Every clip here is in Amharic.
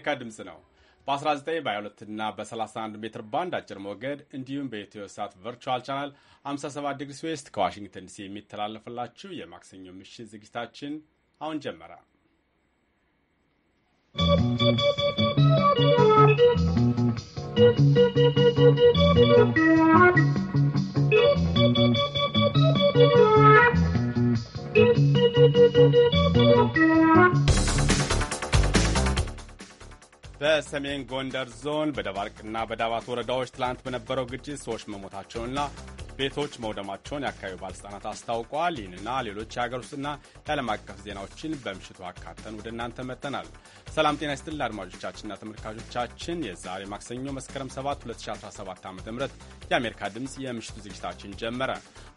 የአሜሪካ ድምፅ ነው። በ19 በ22 እና በ31 ሜትር ባንድ አጭር ሞገድ እንዲሁም በኢትዮ ሳት ቨርቹዋል ቻናል 57 ዲግሪ ዌስት ከዋሽንግተን ዲሲ የሚተላለፍላችሁ የማክሰኞ ምሽት ዝግጅታችን አሁን ጀመረ። ¶¶ በሰሜን ጎንደር ዞን በደባርቅና በዳባት ወረዳዎች ትላንት በነበረው ግጭት ሰዎች መሞታቸውንና ቤቶች መውደማቸውን የአካባቢው ባለስልጣናት አስታውቀዋል። ይህንና ሌሎች የሀገር ውስጥና የዓለም አቀፍ ዜናዎችን በምሽቱ አካተን ወደ እናንተ መጥተናል። ሰላም ጤና ይስጥልን አድማጮቻችንና ተመልካቾቻችን የዛሬ ማክሰኞ መስከረም 7 2017 ዓ ም የአሜሪካ ድምፅ የምሽቱ ዝግጅታችን ጀመረ።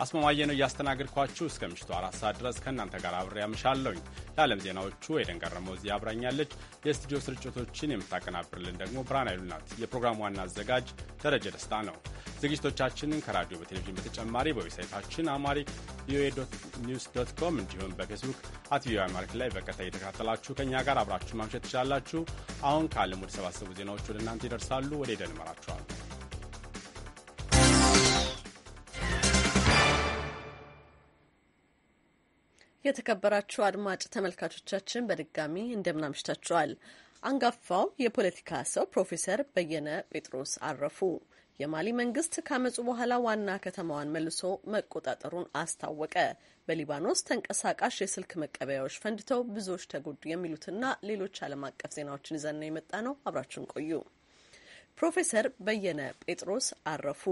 አስማማየ ነው እያስተናገድኳችሁ እስከ ምሽቱ አራት ሰዓት ድረስ ከእናንተ ጋር አብሬ አምሻለሁኝ። ለዓለም ዜናዎቹ ኤደን ገረመው እዚህ አብራኛለች። የስቱዲዮ ስርጭቶችን የምታቀናብርልን ደግሞ ብርሃን አይሉናት የፕሮግራሙ የፕሮግራም ዋና አዘጋጅ ደረጀ ደስታ ነው። ዝግጅቶቻችንን ከራዲዮ በቴሌቪዥን ከራዲዮችን በተጨማሪ በዌብሳይታችን አማሪክ ቪኦኤ ኒውስ ዶት ኮም እንዲሁም በፌስቡክ አት ቪኦኤ አማሪክ ላይ በቀጥታ እየተከታተላችሁ ከእኛ ጋር አብራችሁ ማምሸት ትችላላችሁ። አሁን ከዓለም ወደ ሰባሰቡ ዜናዎች ወደ እናንተ ይደርሳሉ። ወደ ደን መራችኋል። የተከበራችሁ አድማጭ ተመልካቾቻችን በድጋሚ እንደምናምሽታችኋል። አንጋፋው የፖለቲካ ሰው ፕሮፌሰር በየነ ጴጥሮስ አረፉ። የማሊ መንግስት ካመጹ በኋላ ዋና ከተማዋን መልሶ መቆጣጠሩን አስታወቀ። በሊባኖስ ተንቀሳቃሽ የስልክ መቀበያዎች ፈንድተው ብዙዎች ተጎዱ የሚሉትና ሌሎች ዓለም አቀፍ ዜናዎችን ይዘን ነው የመጣ ነው። አብራችን ቆዩ። ፕሮፌሰር በየነ ጴጥሮስ አረፉ።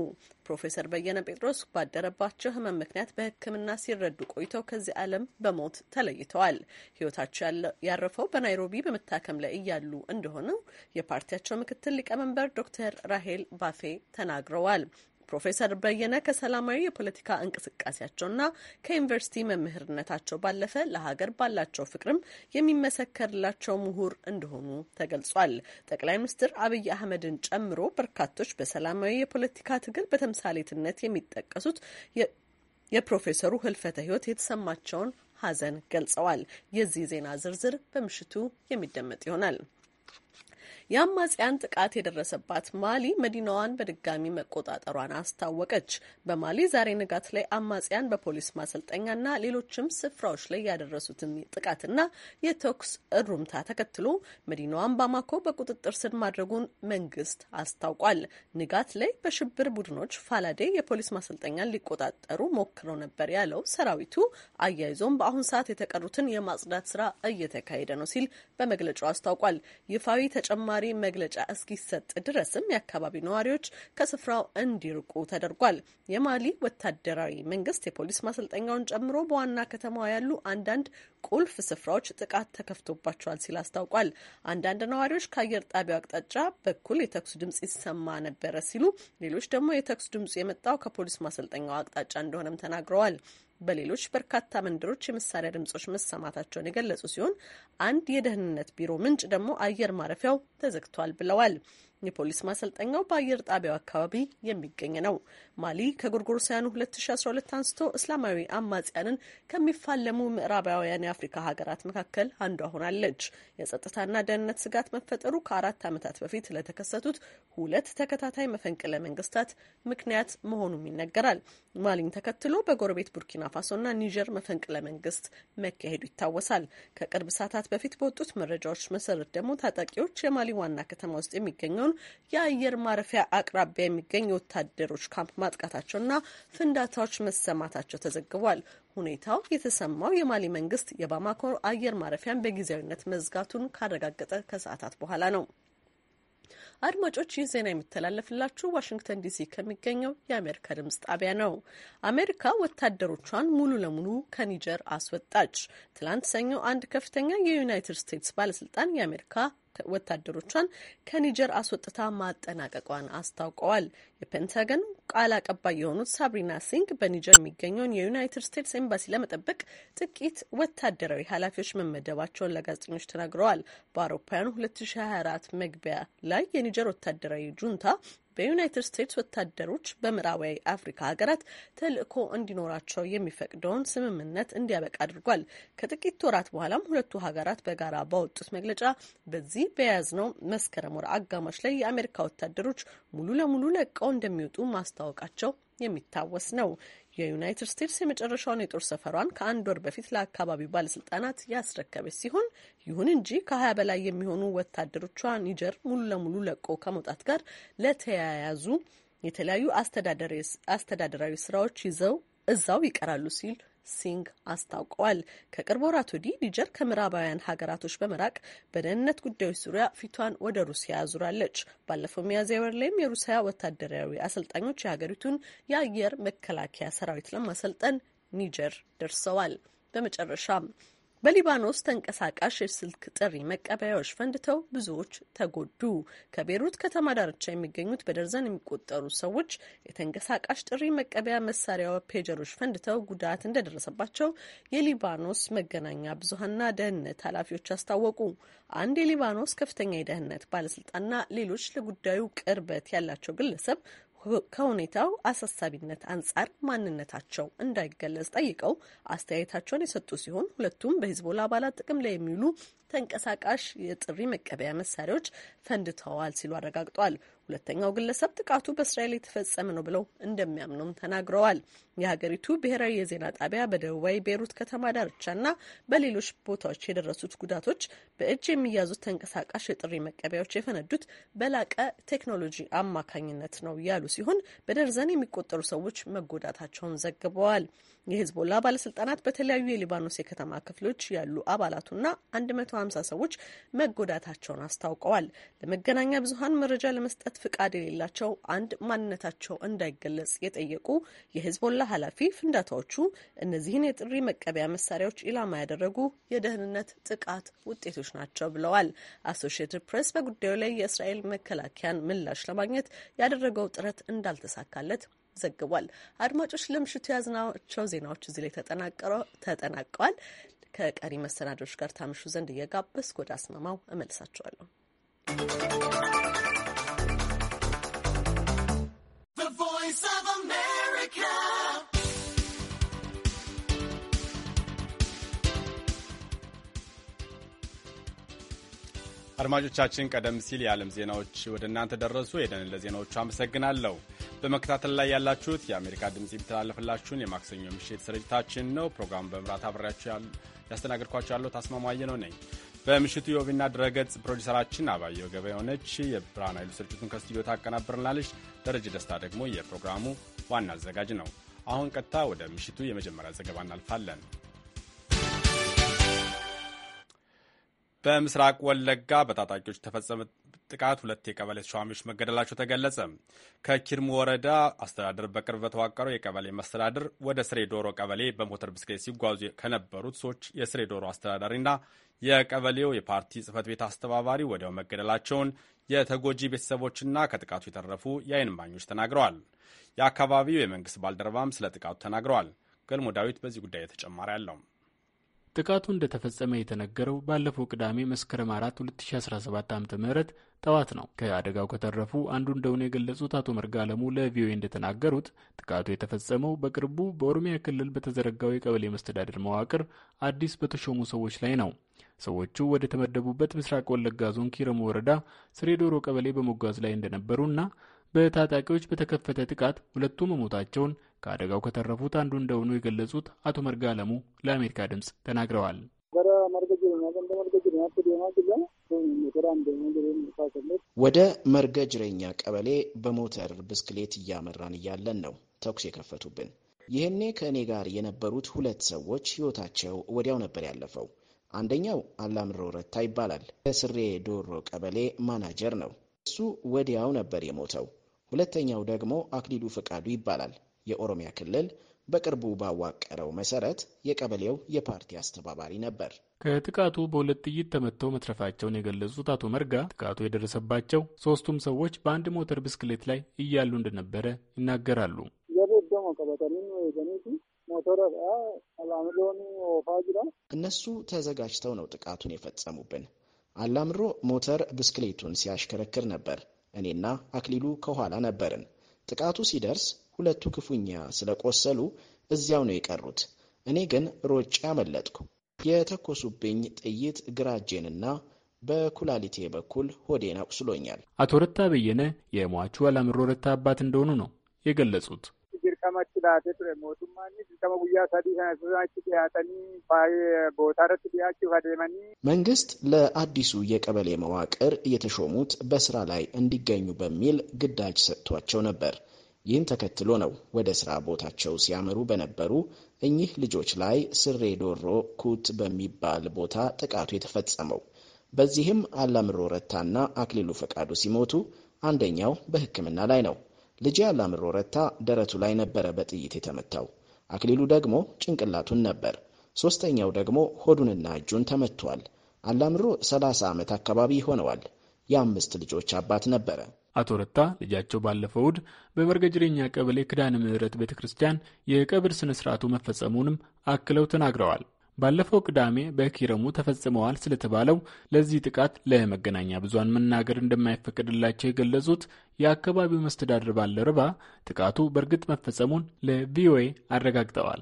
ፕሮፌሰር በየነ ጴጥሮስ ባደረባቸው ሕመም ምክንያት በሕክምና ሲረዱ ቆይተው ከዚህ ዓለም በሞት ተለይተዋል። ሕይወታቸው ያረፈው በናይሮቢ በመታከም ላይ እያሉ እንደሆነው የፓርቲያቸው ምክትል ሊቀመንበር ዶክተር ራሄል ባፌ ተናግረዋል። ፕሮፌሰር በየነ ከሰላማዊ የፖለቲካ እንቅስቃሴያቸውና ከዩኒቨርሲቲ መምህርነታቸው ባለፈ ለሀገር ባላቸው ፍቅርም የሚመሰከርላቸው ምሁር እንደሆኑ ተገልጿል። ጠቅላይ ሚኒስትር አብይ አህመድን ጨምሮ በርካቶች በሰላማዊ የፖለቲካ ትግል በተምሳሌትነት የሚጠቀሱት የፕሮፌሰሩ ህልፈተ ህይወት የተሰማቸውን ሐዘን ገልጸዋል። የዚህ ዜና ዝርዝር በምሽቱ የሚደመጥ ይሆናል። የአማጽያን ጥቃት የደረሰባት ማሊ መዲናዋን በድጋሚ መቆጣጠሯን አስታወቀች። በማሊ ዛሬ ንጋት ላይ አማጽያን በፖሊስ ማሰልጠኛና ሌሎችም ስፍራዎች ላይ ያደረሱትን ጥቃትና የተኩስ እሩምታ ተከትሎ መዲናዋን ባማኮ በቁጥጥር ስር ማድረጉን መንግስት አስታውቋል። ንጋት ላይ በሽብር ቡድኖች ፋላዴ የፖሊስ ማሰልጠኛን ሊቆጣጠሩ ሞክረው ነበር ያለው ሰራዊቱ አያይዞም በአሁን ሰዓት የተቀሩትን የማጽዳት ስራ እየተካሄደ ነው ሲል በመግለጫው አስታውቋል። ይፋዊ ተጨማሪ ተጨማሪ መግለጫ እስኪሰጥ ድረስም የአካባቢ ነዋሪዎች ከስፍራው እንዲርቁ ተደርጓል። የማሊ ወታደራዊ መንግስት የፖሊስ ማሰልጠኛውን ጨምሮ በዋና ከተማዋ ያሉ አንዳንድ ቁልፍ ስፍራዎች ጥቃት ተከፍቶባቸዋል ሲል አስታውቋል። አንዳንድ ነዋሪዎች ከአየር ጣቢያው አቅጣጫ በኩል የተኩስ ድምጽ ይሰማ ነበረ ሲሉ፣ ሌሎች ደግሞ የተኩስ ድምጽ የመጣው ከፖሊስ ማሰልጠኛው አቅጣጫ እንደሆነም ተናግረዋል። በሌሎች በርካታ መንደሮች የመሳሪያ ድምጾች መሰማታቸውን የገለጹ ሲሆን አንድ የደህንነት ቢሮ ምንጭ ደግሞ አየር ማረፊያው ተዘግቷል ብለዋል። የፖሊስ ማሰልጠኛው በአየር ጣቢያው አካባቢ የሚገኝ ነው። ማሊ ከጎርጎሮሳውያኑ 2012 አንስቶ እስላማዊ አማጽያንን ከሚፋለሙ ምዕራባውያን የአፍሪካ ሀገራት መካከል አንዷ ሆናለች። የጸጥታና ደህንነት ስጋት መፈጠሩ ከአራት ዓመታት በፊት ለተከሰቱት ሁለት ተከታታይ መፈንቅለ መንግስታት ምክንያት መሆኑም ይነገራል። ማሊን ተከትሎ በጎረቤት ቡርኪና ፋሶና ኒጀር መፈንቅለ መንግስት መካሄዱ ይታወሳል። ከቅርብ ሰዓታት በፊት በወጡት መረጃዎች መሰረት ደግሞ ታጣቂዎች የማሊ ዋና ከተማ ውስጥ የሚገኘውን ሲሆን የአየር ማረፊያ አቅራቢያ የሚገኝ የወታደሮች ካምፕ ማጥቃታቸውና ፍንዳታዎች መሰማታቸው ተዘግቧል። ሁኔታው የተሰማው የማሊ መንግስት የባማኮ አየር ማረፊያን በጊዜያዊነት መዝጋቱን ካረጋገጠ ከሰዓታት በኋላ ነው። አድማጮች ይህ ዜና የሚተላለፍላችሁ ዋሽንግተን ዲሲ ከሚገኘው የአሜሪካ ድምጽ ጣቢያ ነው። አሜሪካ ወታደሮቿን ሙሉ ለሙሉ ከኒጀር አስወጣች። ትላንት ሰኞ አንድ ከፍተኛ የዩናይትድ ስቴትስ ባለስልጣን የአሜሪካ ወታደሮቿን ከኒጀር አስወጥታ ማጠናቀቋን አስታውቀዋል። የፔንታገን ቃል አቀባይ የሆኑት ሳብሪና ሲንግ በኒጀር የሚገኘውን የዩናይትድ ስቴትስ ኤምባሲ ለመጠበቅ ጥቂት ወታደራዊ ኃላፊዎች መመደባቸውን ለጋዜጠኞች ተናግረዋል። በአውሮፓውያኑ 2024 መግቢያ ላይ የኒጀር ወታደራዊ ጁንታ በዩናይትድ ስቴትስ ወታደሮች በምዕራባዊ አፍሪካ ሀገራት ተልእኮ እንዲኖራቸው የሚፈቅደውን ስምምነት እንዲያበቃ አድርጓል። ከጥቂት ወራት በኋላም ሁለቱ ሀገራት በጋራ ባወጡት መግለጫ በዚህ በያዝነው መስከረም ወር አጋማሽ ላይ የአሜሪካ ወታደሮች ሙሉ ለሙሉ ለቀው እንደሚወጡ ማስታወቃቸው የሚታወስ ነው። የዩናይትድ ስቴትስ የመጨረሻውን የጦር ሰፈሯን ከአንድ ወር በፊት ለአካባቢው ባለስልጣናት ያስረከበች ሲሆን ይሁን እንጂ ከሀያ በላይ የሚሆኑ ወታደሮቿ ኒጀር ሙሉ ለሙሉ ለቆ ከመውጣት ጋር ለተያያዙ የተለያዩ አስተዳደራዊ ስራዎች ይዘው እዛው ይቀራሉ ሲል ሲንግ አስታውቀዋል። ከቅርብ ወራት ወዲህ ኒጀር ከምዕራባውያን ሀገራቶች በመራቅ በደህንነት ጉዳዮች ዙሪያ ፊቷን ወደ ሩሲያ አዙራለች። ባለፈው ሚያዝያ ወር ላይም የሩሲያ ወታደራዊ አሰልጣኞች የሀገሪቱን የአየር መከላከያ ሰራዊት ለማሰልጠን ኒጀር ደርሰዋል። በመጨረሻም በሊባኖስ ተንቀሳቃሽ የስልክ ጥሪ መቀበያዎች ፈንድተው ብዙዎች ተጎዱ። ከቤሩት ከተማ ዳርቻ የሚገኙት በደርዘን የሚቆጠሩ ሰዎች የተንቀሳቃሽ ጥሪ መቀበያ መሳሪያ ፔጀሮች ፈንድተው ጉዳት እንደደረሰባቸው የሊባኖስ መገናኛ ብዙኃንና ደህንነት ኃላፊዎች አስታወቁ። አንድ የሊባኖስ ከፍተኛ የደህንነት ባለስልጣንና ሌሎች ለጉዳዩ ቅርበት ያላቸው ግለሰብ ከሁኔታው አሳሳቢነት አንጻር ማንነታቸው እንዳይገለጽ ጠይቀው አስተያየታቸውን የሰጡ ሲሆን ሁለቱም በሂዝቦላ አባላት ጥቅም ላይ የሚውሉ ተንቀሳቃሽ የጥሪ መቀበያ መሳሪያዎች ፈንድተዋል ሲሉ አረጋግጧል። ሁለተኛው ግለሰብ ጥቃቱ በእስራኤል የተፈጸመ ነው ብለው እንደሚያምኑም ተናግረዋል። የሀገሪቱ ብሔራዊ የዜና ጣቢያ በደቡባዊ ቤሩት ከተማ ዳርቻና በሌሎች ቦታዎች የደረሱት ጉዳቶች በእጅ የሚያዙት ተንቀሳቃሽ የጥሪ መቀበያዎች የፈነዱት በላቀ ቴክኖሎጂ አማካኝነት ነው ያሉ ሲሆን በደርዘን የሚቆጠሩ ሰዎች መጎዳታቸውን ዘግበዋል። የህዝቦላ ባለስልጣናት በተለያዩ የሊባኖስ የከተማ ክፍሎች ያሉ አባላቱና 150 ሰዎች መጎዳታቸውን አስታውቀዋል። ለመገናኛ ብዙሀን መረጃ ለመስጠት ፍቃድ የሌላቸው አንድ ማንነታቸው እንዳይገለጽ የጠየቁ የህዝቦላ ዋላ ኃላፊ ፍንዳታዎቹ እነዚህን የጥሪ መቀበያ መሳሪያዎች ኢላማ ያደረጉ የደህንነት ጥቃት ውጤቶች ናቸው ብለዋል። አሶሺየትድ ፕሬስ በጉዳዩ ላይ የእስራኤል መከላከያን ምላሽ ለማግኘት ያደረገው ጥረት እንዳልተሳካለት ዘግቧል። አድማጮች ለምሽቱ የያዝናቸው ዜናዎች እዚህ ላይ ተጠናቀዋል። ከቀሪ መሰናዶች ጋር ታምሹ ዘንድ እየጋበስ ወደ አስማማው እመልሳቸዋለሁ። The voice of America. አድማጮቻችን ቀደም ሲል የዓለም ዜናዎች ወደ እናንተ ደረሱ። ሄደን ለዜናዎቹ አመሰግናለሁ። በመከታተል ላይ ያላችሁት የአሜሪካ ድምፅ የሚተላለፍላችሁን የማክሰኞ ምሽት ስርጭታችን ነው። ፕሮግራሙ በምራት አብሬያችሁ ያስተናገድኳቸው ያለው ታስማማየ ነው ነኝ። በምሽቱ የኦቢና ድረገጽ ፕሮዲሰራችን አባየው ገበያ ሆነች። የብርሃን ኃይሉ ስርጭቱን ከስቱዲዮ ታቀናብርናለች። ደረጀ ደስታ ደግሞ የፕሮግራሙ ዋና አዘጋጅ ነው። አሁን ቀጥታ ወደ ምሽቱ የመጀመሪያ ዘገባ እናልፋለን። በምስራቅ ወለጋ በታጣቂዎች ተፈጸመ ጥቃት ሁለት የቀበሌ ተሿሚዎች መገደላቸው ተገለጸ። ከኪርሙ ወረዳ አስተዳደር በቅርብ በተዋቀረው የቀበሌ መስተዳድር ወደ ስሬ ዶሮ ቀበሌ በሞተር ብስክሌት ሲጓዙ ከነበሩት ሰዎች የስሬ ዶሮ አስተዳዳሪና የቀበሌው የፓርቲ ጽህፈት ቤት አስተባባሪ ወዲያው መገደላቸውን የተጎጂ ቤተሰቦችና ከጥቃቱ የተረፉ የአይን እማኞች ተናግረዋል። የአካባቢው የመንግስት ባልደረባም ስለ ጥቃቱ ተናግረዋል። ገልሞ ዳዊት በዚህ ጉዳይ ተጨማሪ አለው። ጥቃቱ እንደተፈጸመ የተነገረው ባለፈው ቅዳሜ መስከረም 4 2017 ዓ ም ጠዋት ነው። ከአደጋው ከተረፉ አንዱ እንደሆነ የገለጹት አቶ መርጋ አለሙ ለቪኦኤ እንደተናገሩት ጥቃቱ የተፈጸመው በቅርቡ በኦሮሚያ ክልል በተዘረጋው የቀበሌ መስተዳደር መዋቅር አዲስ በተሾሙ ሰዎች ላይ ነው። ሰዎቹ ወደ ተመደቡበት ምስራቅ ወለጋ ዞን ኪረሙ ወረዳ ዶሮ ቀበሌ በመጓዝ ላይ እንደነበሩና በታጣቂዎች በተከፈተ ጥቃት ሁለቱ መሞታቸውን ከአደጋው ከተረፉት አንዱ እንደሆኑ የገለጹት አቶ መርጋ አለሙ ለአሜሪካ ድምፅ ተናግረዋል። ወደ መርገጅረኛ ቀበሌ በሞተር ብስክሌት እያመራን እያለን ነው ተኩስ የከፈቱብን። ይህኔ ከእኔ ጋር የነበሩት ሁለት ሰዎች ሕይወታቸው ወዲያው ነበር ያለፈው። አንደኛው አላምሮ ረታ ይባላል። ከስሬ ዶሮ ቀበሌ ማናጀር ነው። እሱ ወዲያው ነበር የሞተው። ሁለተኛው ደግሞ አክሊሉ ፈቃዱ ይባላል። የኦሮሚያ ክልል በቅርቡ ባዋቀረው መሰረት የቀበሌው የፓርቲ አስተባባሪ ነበር። ከጥቃቱ በሁለት ጥይት ተመተው መትረፋቸውን የገለጹት አቶ መርጋ ጥቃቱ የደረሰባቸው ሶስቱም ሰዎች በአንድ ሞተር ብስክሌት ላይ እያሉ እንደነበረ ይናገራሉ። እነሱ ተዘጋጅተው ነው ጥቃቱን የፈጸሙብን። አላምሮ ሞተር ብስክሌቱን ሲያሽከረክር ነበር። እኔና አክሊሉ ከኋላ ነበርን። ጥቃቱ ሲደርስ ሁለቱ ክፉኛ ስለቆሰሉ እዚያው ነው የቀሩት። እኔ ግን ሮጬ አመለጥኩ። የተኮሱብኝ ጥይት ግራጄንና በኩላሊቴ በኩል ሆዴን አቁስሎኛል። አቶ ረታ በየነ የሟቹ አላምሮ ረታ አባት እንደሆኑ ነው የገለጹት። መንግስት ለአዲሱ የቀበሌ መዋቅር እየተሾሙት በስራ ላይ እንዲገኙ በሚል ግዳጅ ሰጥቷቸው ነበር። ይህን ተከትሎ ነው ወደ ሥራ ቦታቸው ሲያመሩ በነበሩ እኚህ ልጆች ላይ ስሬ ዶሮ ኩት በሚባል ቦታ ጥቃቱ የተፈጸመው። በዚህም አላምሮ ረታና አክሊሉ ፈቃዱ ሲሞቱ አንደኛው በሕክምና ላይ ነው። ልጄ አላምሮ ረታ ደረቱ ላይ ነበረ በጥይት የተመታው። አክሊሉ ደግሞ ጭንቅላቱን ነበር። ሦስተኛው ደግሞ ሆዱንና እጁን ተመቷል። አላምሮ 30 ዓመት አካባቢ ይሆነዋል። የአምስት ልጆች አባት ነበረ። አቶ ረታ ልጃቸው ባለፈው እሁድ በበርገጅሬኛ ቀበሌ ክዳነ ምሕረት ቤተ ክርስቲያን የቀብር ስነ ስርዓቱ መፈጸሙንም አክለው ተናግረዋል። ባለፈው ቅዳሜ በኪረሙ ተፈጽመዋል ስለተባለው ለዚህ ጥቃት ለመገናኛ ብዙሃን መናገር እንደማይፈቀድላቸው የገለጹት የአካባቢው መስተዳድር ርባ ጥቃቱ በእርግጥ መፈጸሙን ለቪኦኤ አረጋግጠዋል።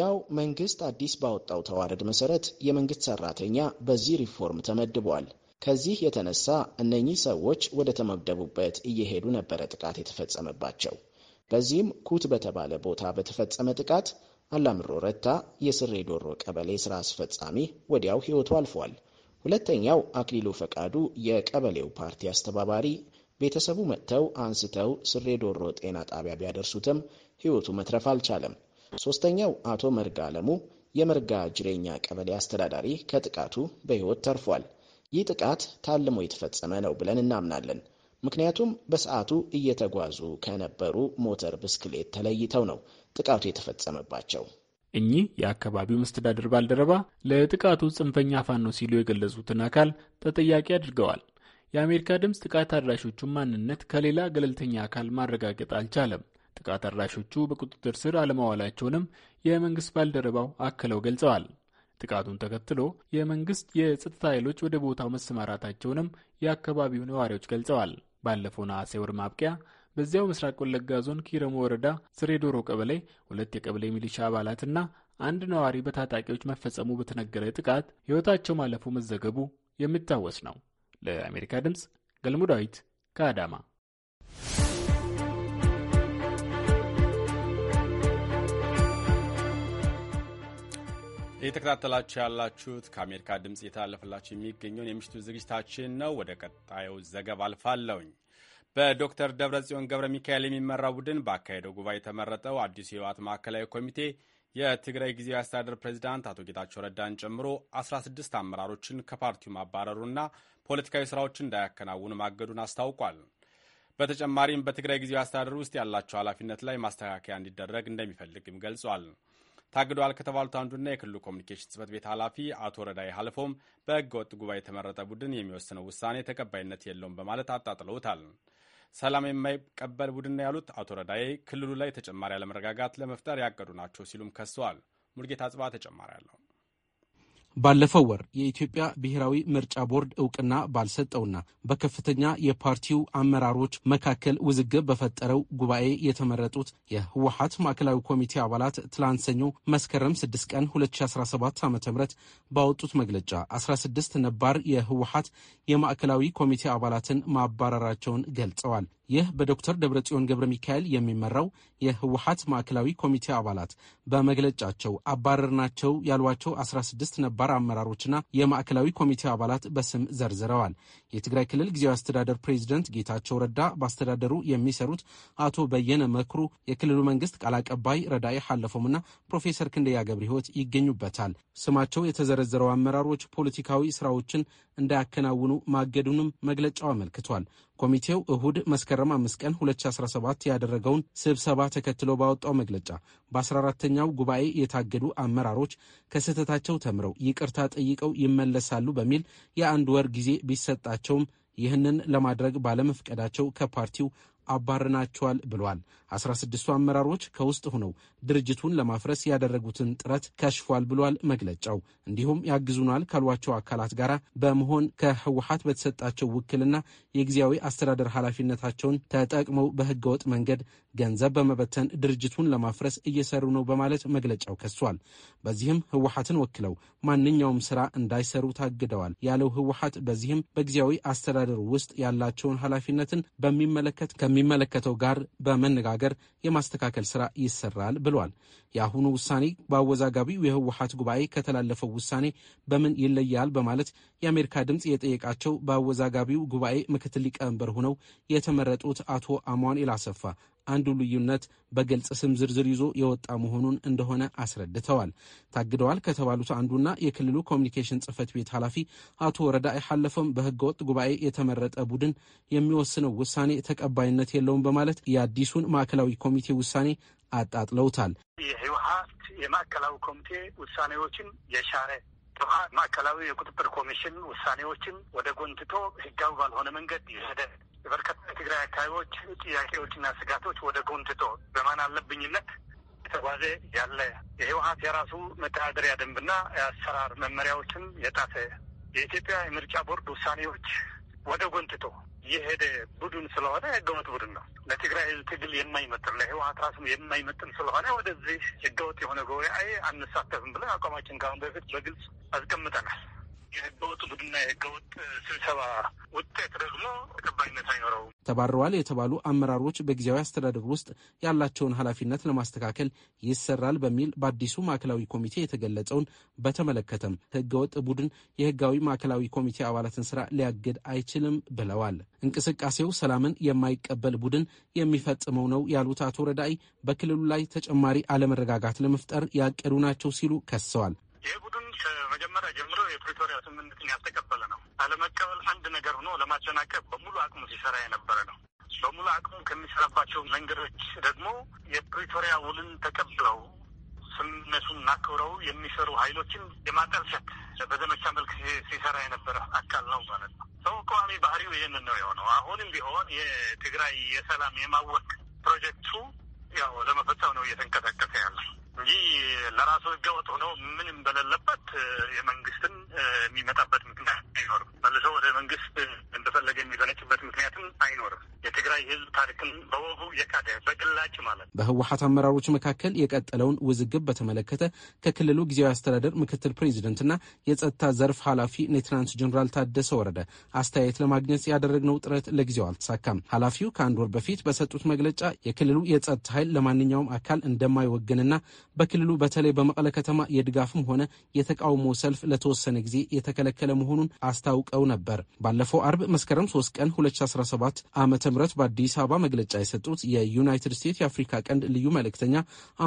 ያው መንግስት አዲስ ባወጣው ተዋረድ መሰረት የመንግስት ሰራተኛ በዚህ ሪፎርም ተመድቧል። ከዚህ የተነሳ እነኚህ ሰዎች ወደ ተመደቡበት እየሄዱ ነበረ ጥቃት የተፈጸመባቸው። በዚህም ኩት በተባለ ቦታ በተፈጸመ ጥቃት አላምሮ ረታ የስሬ ዶሮ ቀበሌ ስራ አስፈጻሚ ወዲያው ሕይወቱ አልፏል። ሁለተኛው አክሊሉ ፈቃዱ የቀበሌው ፓርቲ አስተባባሪ ቤተሰቡ መጥተው አንስተው ስሬ ዶሮ ጤና ጣቢያ ቢያደርሱትም ሕይወቱ መትረፍ አልቻለም። ሦስተኛው አቶ መርጋ አለሙ የመርጋ ጅሬኛ ቀበሌ አስተዳዳሪ ከጥቃቱ በሕይወት ተርፏል። ይህ ጥቃት ታልሞ የተፈጸመ ነው ብለን እናምናለን። ምክንያቱም በሰዓቱ እየተጓዙ ከነበሩ ሞተር ብስክሌት ተለይተው ነው ጥቃቱ የተፈጸመባቸው። እኚህ የአካባቢው መስተዳድር ባልደረባ ለጥቃቱ ጽንፈኛ ፋኖ ሲሉ የገለጹትን አካል ተጠያቂ አድርገዋል። የአሜሪካ ድምፅ ጥቃት አድራሾቹን ማንነት ከሌላ ገለልተኛ አካል ማረጋገጥ አልቻለም። ጥቃት አድራሾቹ በቁጥጥር ስር አለማዋላቸውንም የመንግስት ባልደረባው አክለው ገልጸዋል። ጥቃቱን ተከትሎ የመንግስት የጸጥታ ኃይሎች ወደ ቦታው መሰማራታቸውንም የአካባቢው ነዋሪዎች ገልጸዋል። ባለፈው ነሐሴ ወር ማብቂያ በዚያው ምስራቅ ወለጋ ዞን ኪረሙ ወረዳ ስሬዶሮ ቀበሌ ሁለት የቀበሌ ሚሊሻ አባላትና አንድ ነዋሪ በታጣቂዎች መፈጸሙ በተነገረ ጥቃት ሕይወታቸው ማለፉ መዘገቡ የሚታወስ ነው። ለአሜሪካ ድምፅ ገልሙ ዳዊት ከአዳማ እየተከታተላችሁ ያላችሁት ከአሜሪካ ድምፅ እየተላለፈላችሁ የሚገኘውን የምሽቱ ዝግጅታችን ነው። ወደ ቀጣዩ ዘገባ አልፋለውኝ። በዶክተር ደብረጽዮን ገብረ ሚካኤል የሚመራው ቡድን በአካሄደው ጉባኤ የተመረጠው አዲሱ የህወሓት ማዕከላዊ ኮሚቴ የትግራይ ጊዜያዊ አስተዳደር ፕሬዚዳንት አቶ ጌታቸው ረዳን ጨምሮ 16 አመራሮችን ከፓርቲው ማባረሩና ፖለቲካዊ ስራዎችን እንዳያከናውኑ ማገዱን አስታውቋል። በተጨማሪም በትግራይ ጊዜያዊ አስተዳደር ውስጥ ያላቸው ኃላፊነት ላይ ማስተካከያ እንዲደረግ እንደሚፈልግም ገልጿል። ታግዷል ከተባሉት አንዱና የክልሉ ኮሚኒኬሽን ጽፈት ቤት ኃላፊ አቶ ረዳይ ሀልፎም በህገ ወጥ ጉባኤ የተመረጠ ቡድን የሚወስነው ውሳኔ ተቀባይነት የለውም በማለት አጣጥለውታል። ሰላም የማይቀበል ቡድን ያሉት አቶ ረዳይ ክልሉ ላይ ተጨማሪ አለመረጋጋት ለመፍጠር ያቀዱ ናቸው ሲሉም ከሰዋል። ሙልጌታ ጽባ ተጨማሪ አለው። ባለፈው ወር የኢትዮጵያ ብሔራዊ ምርጫ ቦርድ እውቅና ባልሰጠውና በከፍተኛ የፓርቲው አመራሮች መካከል ውዝግብ በፈጠረው ጉባኤ የተመረጡት የህወሀት ማዕከላዊ ኮሚቴ አባላት ትላንት ሰኞ መስከረም 6 ቀን 2017 ዓ ም ባወጡት መግለጫ 16 ነባር የህወሀት የማዕከላዊ ኮሚቴ አባላትን ማባረራቸውን ገልጸዋል። ይህ በዶክተር ደብረጽዮን ገብረ ሚካኤል የሚመራው የህወሀት ማዕከላዊ ኮሚቴ አባላት በመግለጫቸው አባረርናቸው ያሏቸው 16 ነባር አመራሮችና የማዕከላዊ ኮሚቴ አባላት በስም ዘርዝረዋል። የትግራይ ክልል ጊዜያዊ አስተዳደር ፕሬዚደንት ጌታቸው ረዳ በአስተዳደሩ የሚሰሩት አቶ በየነ መክሩ፣ የክልሉ መንግስት ቃል አቀባይ ረዳይ ሐለፎምና ፕሮፌሰር ክንደያ ገብረ ህይወት ይገኙበታል። ስማቸው የተዘረዘረው አመራሮች ፖለቲካዊ ስራዎችን እንዳያከናውኑ ማገዱንም መግለጫው አመልክቷል። ኮሚቴው እሁድ መስከረም 5 ቀን 2017 ያደረገውን ስብሰባ ተከትሎ ባወጣው መግለጫ በ14ተኛው ጉባኤ የታገዱ አመራሮች ከስህተታቸው ተምረው ይቅርታ ጠይቀው ይመለሳሉ በሚል የአንድ ወር ጊዜ ቢሰጣቸው በመሆናቸውም ይህንን ለማድረግ ባለመፍቀዳቸው ከፓርቲው አባርናቸዋል ብሏል። 16ቱ አመራሮች ከውስጥ ሆነው ድርጅቱን ለማፍረስ ያደረጉትን ጥረት ከሽፏል ብሏል መግለጫው። እንዲሁም ያግዙናል ካሏቸው አካላት ጋር በመሆን ከህወሀት በተሰጣቸው ውክልና የጊዜያዊ አስተዳደር ኃላፊነታቸውን ተጠቅመው በህገወጥ መንገድ ገንዘብ በመበተን ድርጅቱን ለማፍረስ እየሰሩ ነው በማለት መግለጫው ከሷል። በዚህም ህወሀትን ወክለው ማንኛውም ስራ እንዳይሰሩ ታግደዋል ያለው ህወሀት በዚህም በጊዜያዊ አስተዳደር ውስጥ ያላቸውን ኃላፊነትን በሚመለከት ከሚመለከተው ጋር በመነጋገር የማስተካከል ስራ ይሰራል ብሏል። የአሁኑ ውሳኔ በአወዛጋቢው የህወሓት ጉባኤ ከተላለፈው ውሳኔ በምን ይለያል? በማለት የአሜሪካ ድምፅ የጠየቃቸው በአወዛጋቢው ጉባኤ ምክትል ሊቀመንበር ሆነው የተመረጡት አቶ አሟን ኢላሰፋ አንዱ ልዩነት በግልጽ ስም ዝርዝር ይዞ የወጣ መሆኑን እንደሆነ አስረድተዋል። ታግደዋል ከተባሉት አንዱና የክልሉ ኮሚኒኬሽን ጽህፈት ቤት ኃላፊ አቶ ወረዳ በህገ በህገወጥ ጉባኤ የተመረጠ ቡድን የሚወስነው ውሳኔ ተቀባይነት የለውም በማለት የአዲሱን ማዕከላዊ ኮሚቴ ውሳኔ አጣጥለውታል። የህወሀት የማዕከላዊ ኮሚቴ ውሳኔዎችን የሻረ ህወሓት ማዕከላዊ የቁጥጥር ኮሚሽን ውሳኔዎችን ወደ ጎን ትቶ ህጋዊ ባልሆነ መንገድ ይሄደ። የበርካታ የትግራይ አካባቢዎች ጥያቄዎችና ስጋቶች ወደ ጎን ትቶ በማን አለብኝነት የተጓዘ ያለ የህወሀት የራሱ መተዳደሪያ ደንብና የአሰራር መመሪያዎችን የጣፈ የኢትዮጵያ የምርጫ ቦርድ ውሳኔዎች ወደ ጎን ትቶ የሄደ ቡድን ስለሆነ ህገወጥ ቡድን ነው። ለትግራይ ህዝብ ትግል የማይመጥን ለህወሀት ራሱ የማይመጥን ስለሆነ ወደዚህ ህገወጥ የሆነ ጉባኤ አንሳተፍም ብለን አቋማችን ከአሁን በፊት በግልጽ አስቀምጠናል። የህገወጥ ቡድንና የህገወጥ ስብሰባ ውጤት ደግሞ ተቀባይነት አይኖረውም። ተባረዋል የተባሉ አመራሮች በጊዜያዊ አስተዳደር ውስጥ ያላቸውን ኃላፊነት ለማስተካከል ይሰራል በሚል በአዲሱ ማዕከላዊ ኮሚቴ የተገለጸውን በተመለከተም ህገወጥ ቡድን የህጋዊ ማዕከላዊ ኮሚቴ አባላትን ስራ ሊያግድ አይችልም ብለዋል። እንቅስቃሴው ሰላምን የማይቀበል ቡድን የሚፈጽመው ነው ያሉት አቶ ረዳይ በክልሉ ላይ ተጨማሪ አለመረጋጋት ለመፍጠር ያቀዱ ናቸው ሲሉ ከሰዋል። ይህ ቡድን ከመጀመሪያ ጀምሮ የፕሪቶሪያ ስምምነትን ያልተቀበለ ነው። አለመቀበል አንድ ነገር ሆኖ ለማጨናቀብ በሙሉ አቅሙ ሲሰራ የነበረ ነው። በሙሉ አቅሙ ከሚሰራባቸው መንገዶች ደግሞ የፕሪቶሪያ ውልን ተቀብለው ስምምነቱን አክብረው የሚሰሩ ሀይሎችን የማጠልሸት በዘመቻ መልክ ሲሰራ የነበረ አካል ነው ማለት ነው። ሰው ቋሚ ባህሪው ይህንን ነው የሆነው። አሁንም ቢሆን የትግራይ የሰላም የማወቅ ፕሮጀክቱ ያው ለመፈጸም ነው እየተንቀሳቀሰ ያለ እንጂ ለራሱ ህገወጥ ሆኖ ምንም በሌለበት የመንግስትን የሚመጣበት ምክንያት አይኖርም። መልሶ ወደ መንግስት እንደፈለገ የሚፈነጭበት ምክንያትም አይኖርም። የትግራይ ህዝብ ታሪክን በወጉ የካደ በግላጭ ማለት በህወሀት አመራሮች መካከል የቀጠለውን ውዝግብ በተመለከተ ከክልሉ ጊዜያዊ አስተዳደር ምክትል ፕሬዚደንትና የጸጥታ ዘርፍ ኃላፊ ሌትናንት ጀኔራል ታደሰ ወረደ አስተያየት ለማግኘት ያደረግነው ጥረት ለጊዜው አልተሳካም። ኃላፊው ከአንድ ወር በፊት በሰጡት መግለጫ የክልሉ የጸጥታ ኃይል ለማንኛውም አካል እንደማይወገንና በክልሉ በተለይ በመቀለ ከተማ የድጋፍም ሆነ የተቃውሞ ሰልፍ ለተወሰነ ጊዜ የተከለከለ መሆኑን አስታውቀው ነበር። ባለፈው አርብ መስከረም 3 ቀን 2017 ዓ ም በአዲስ አበባ መግለጫ የሰጡት የዩናይትድ ስቴትስ የአፍሪካ ቀንድ ልዩ መልእክተኛ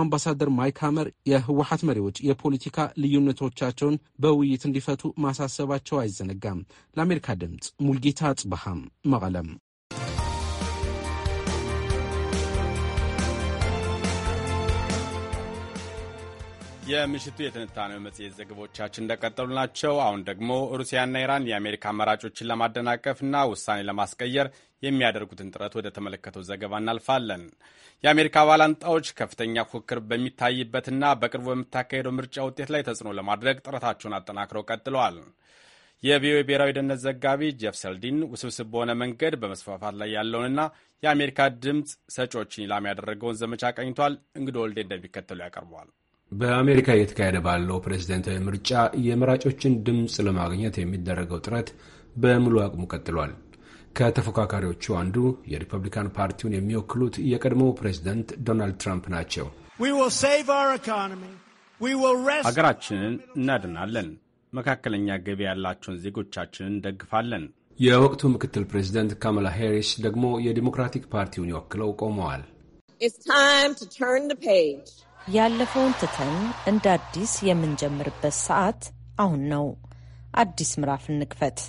አምባሳደር ማይክ ሀመር የህወሀት መሪዎች የፖለቲካ ልዩነቶቻቸውን በውይይት እንዲፈቱ ማሳሰባቸው አይዘነጋም። ለአሜሪካ ድምፅ ሙልጌታ አጽበሃም መቀለም የምሽቱ የትንታኔው መጽሔት ዘግቦቻችን እንደቀጠሉ ናቸው። አሁን ደግሞ ሩሲያና ኢራን የአሜሪካ አማራጮችን ለማደናቀፍና ውሳኔ ለማስቀየር የሚያደርጉትን ጥረት ወደ ተመለከተው ዘገባ እናልፋለን። የአሜሪካ ባላንጣዎች ከፍተኛ ፉክክር በሚታይበትና በቅርቡ በምታካሄደው ምርጫ ውጤት ላይ ተጽዕኖ ለማድረግ ጥረታቸውን አጠናክረው ቀጥለዋል። የቪኦኤ ብሔራዊ ደህንነት ዘጋቢ ጀፍ ሰልዲን ውስብስብ በሆነ መንገድ በመስፋፋት ላይ ያለውንና የአሜሪካ ድምፅ ሰጪዎችን ኢላማ ያደረገውን ዘመቻ ቀኝቷል። እንግዶ ወልዴ እንደሚከተሉ ያቀርበዋል። በአሜሪካ እየተካሄደ ባለው ፕሬዝደንታዊ ምርጫ የመራጮችን ድምፅ ለማግኘት የሚደረገው ጥረት በሙሉ አቅሙ ቀጥሏል። ከተፎካካሪዎቹ አንዱ የሪፐብሊካን ፓርቲውን የሚወክሉት የቀድሞው ፕሬዝደንት ዶናልድ ትራምፕ ናቸው። ሀገራችንን እናድናለን፣ መካከለኛ ገቢ ያላቸውን ዜጎቻችንን እንደግፋለን። የወቅቱ ምክትል ፕሬዝደንት ካማላ ሄሪስ ደግሞ የዲሞክራቲክ ፓርቲውን ይወክለው ቆመዋል። ያለፈውን ትተን እንደ አዲስ የምንጀምርበት ሰዓት አሁን ነው። አዲስ ምዕራፍ እንክፈት።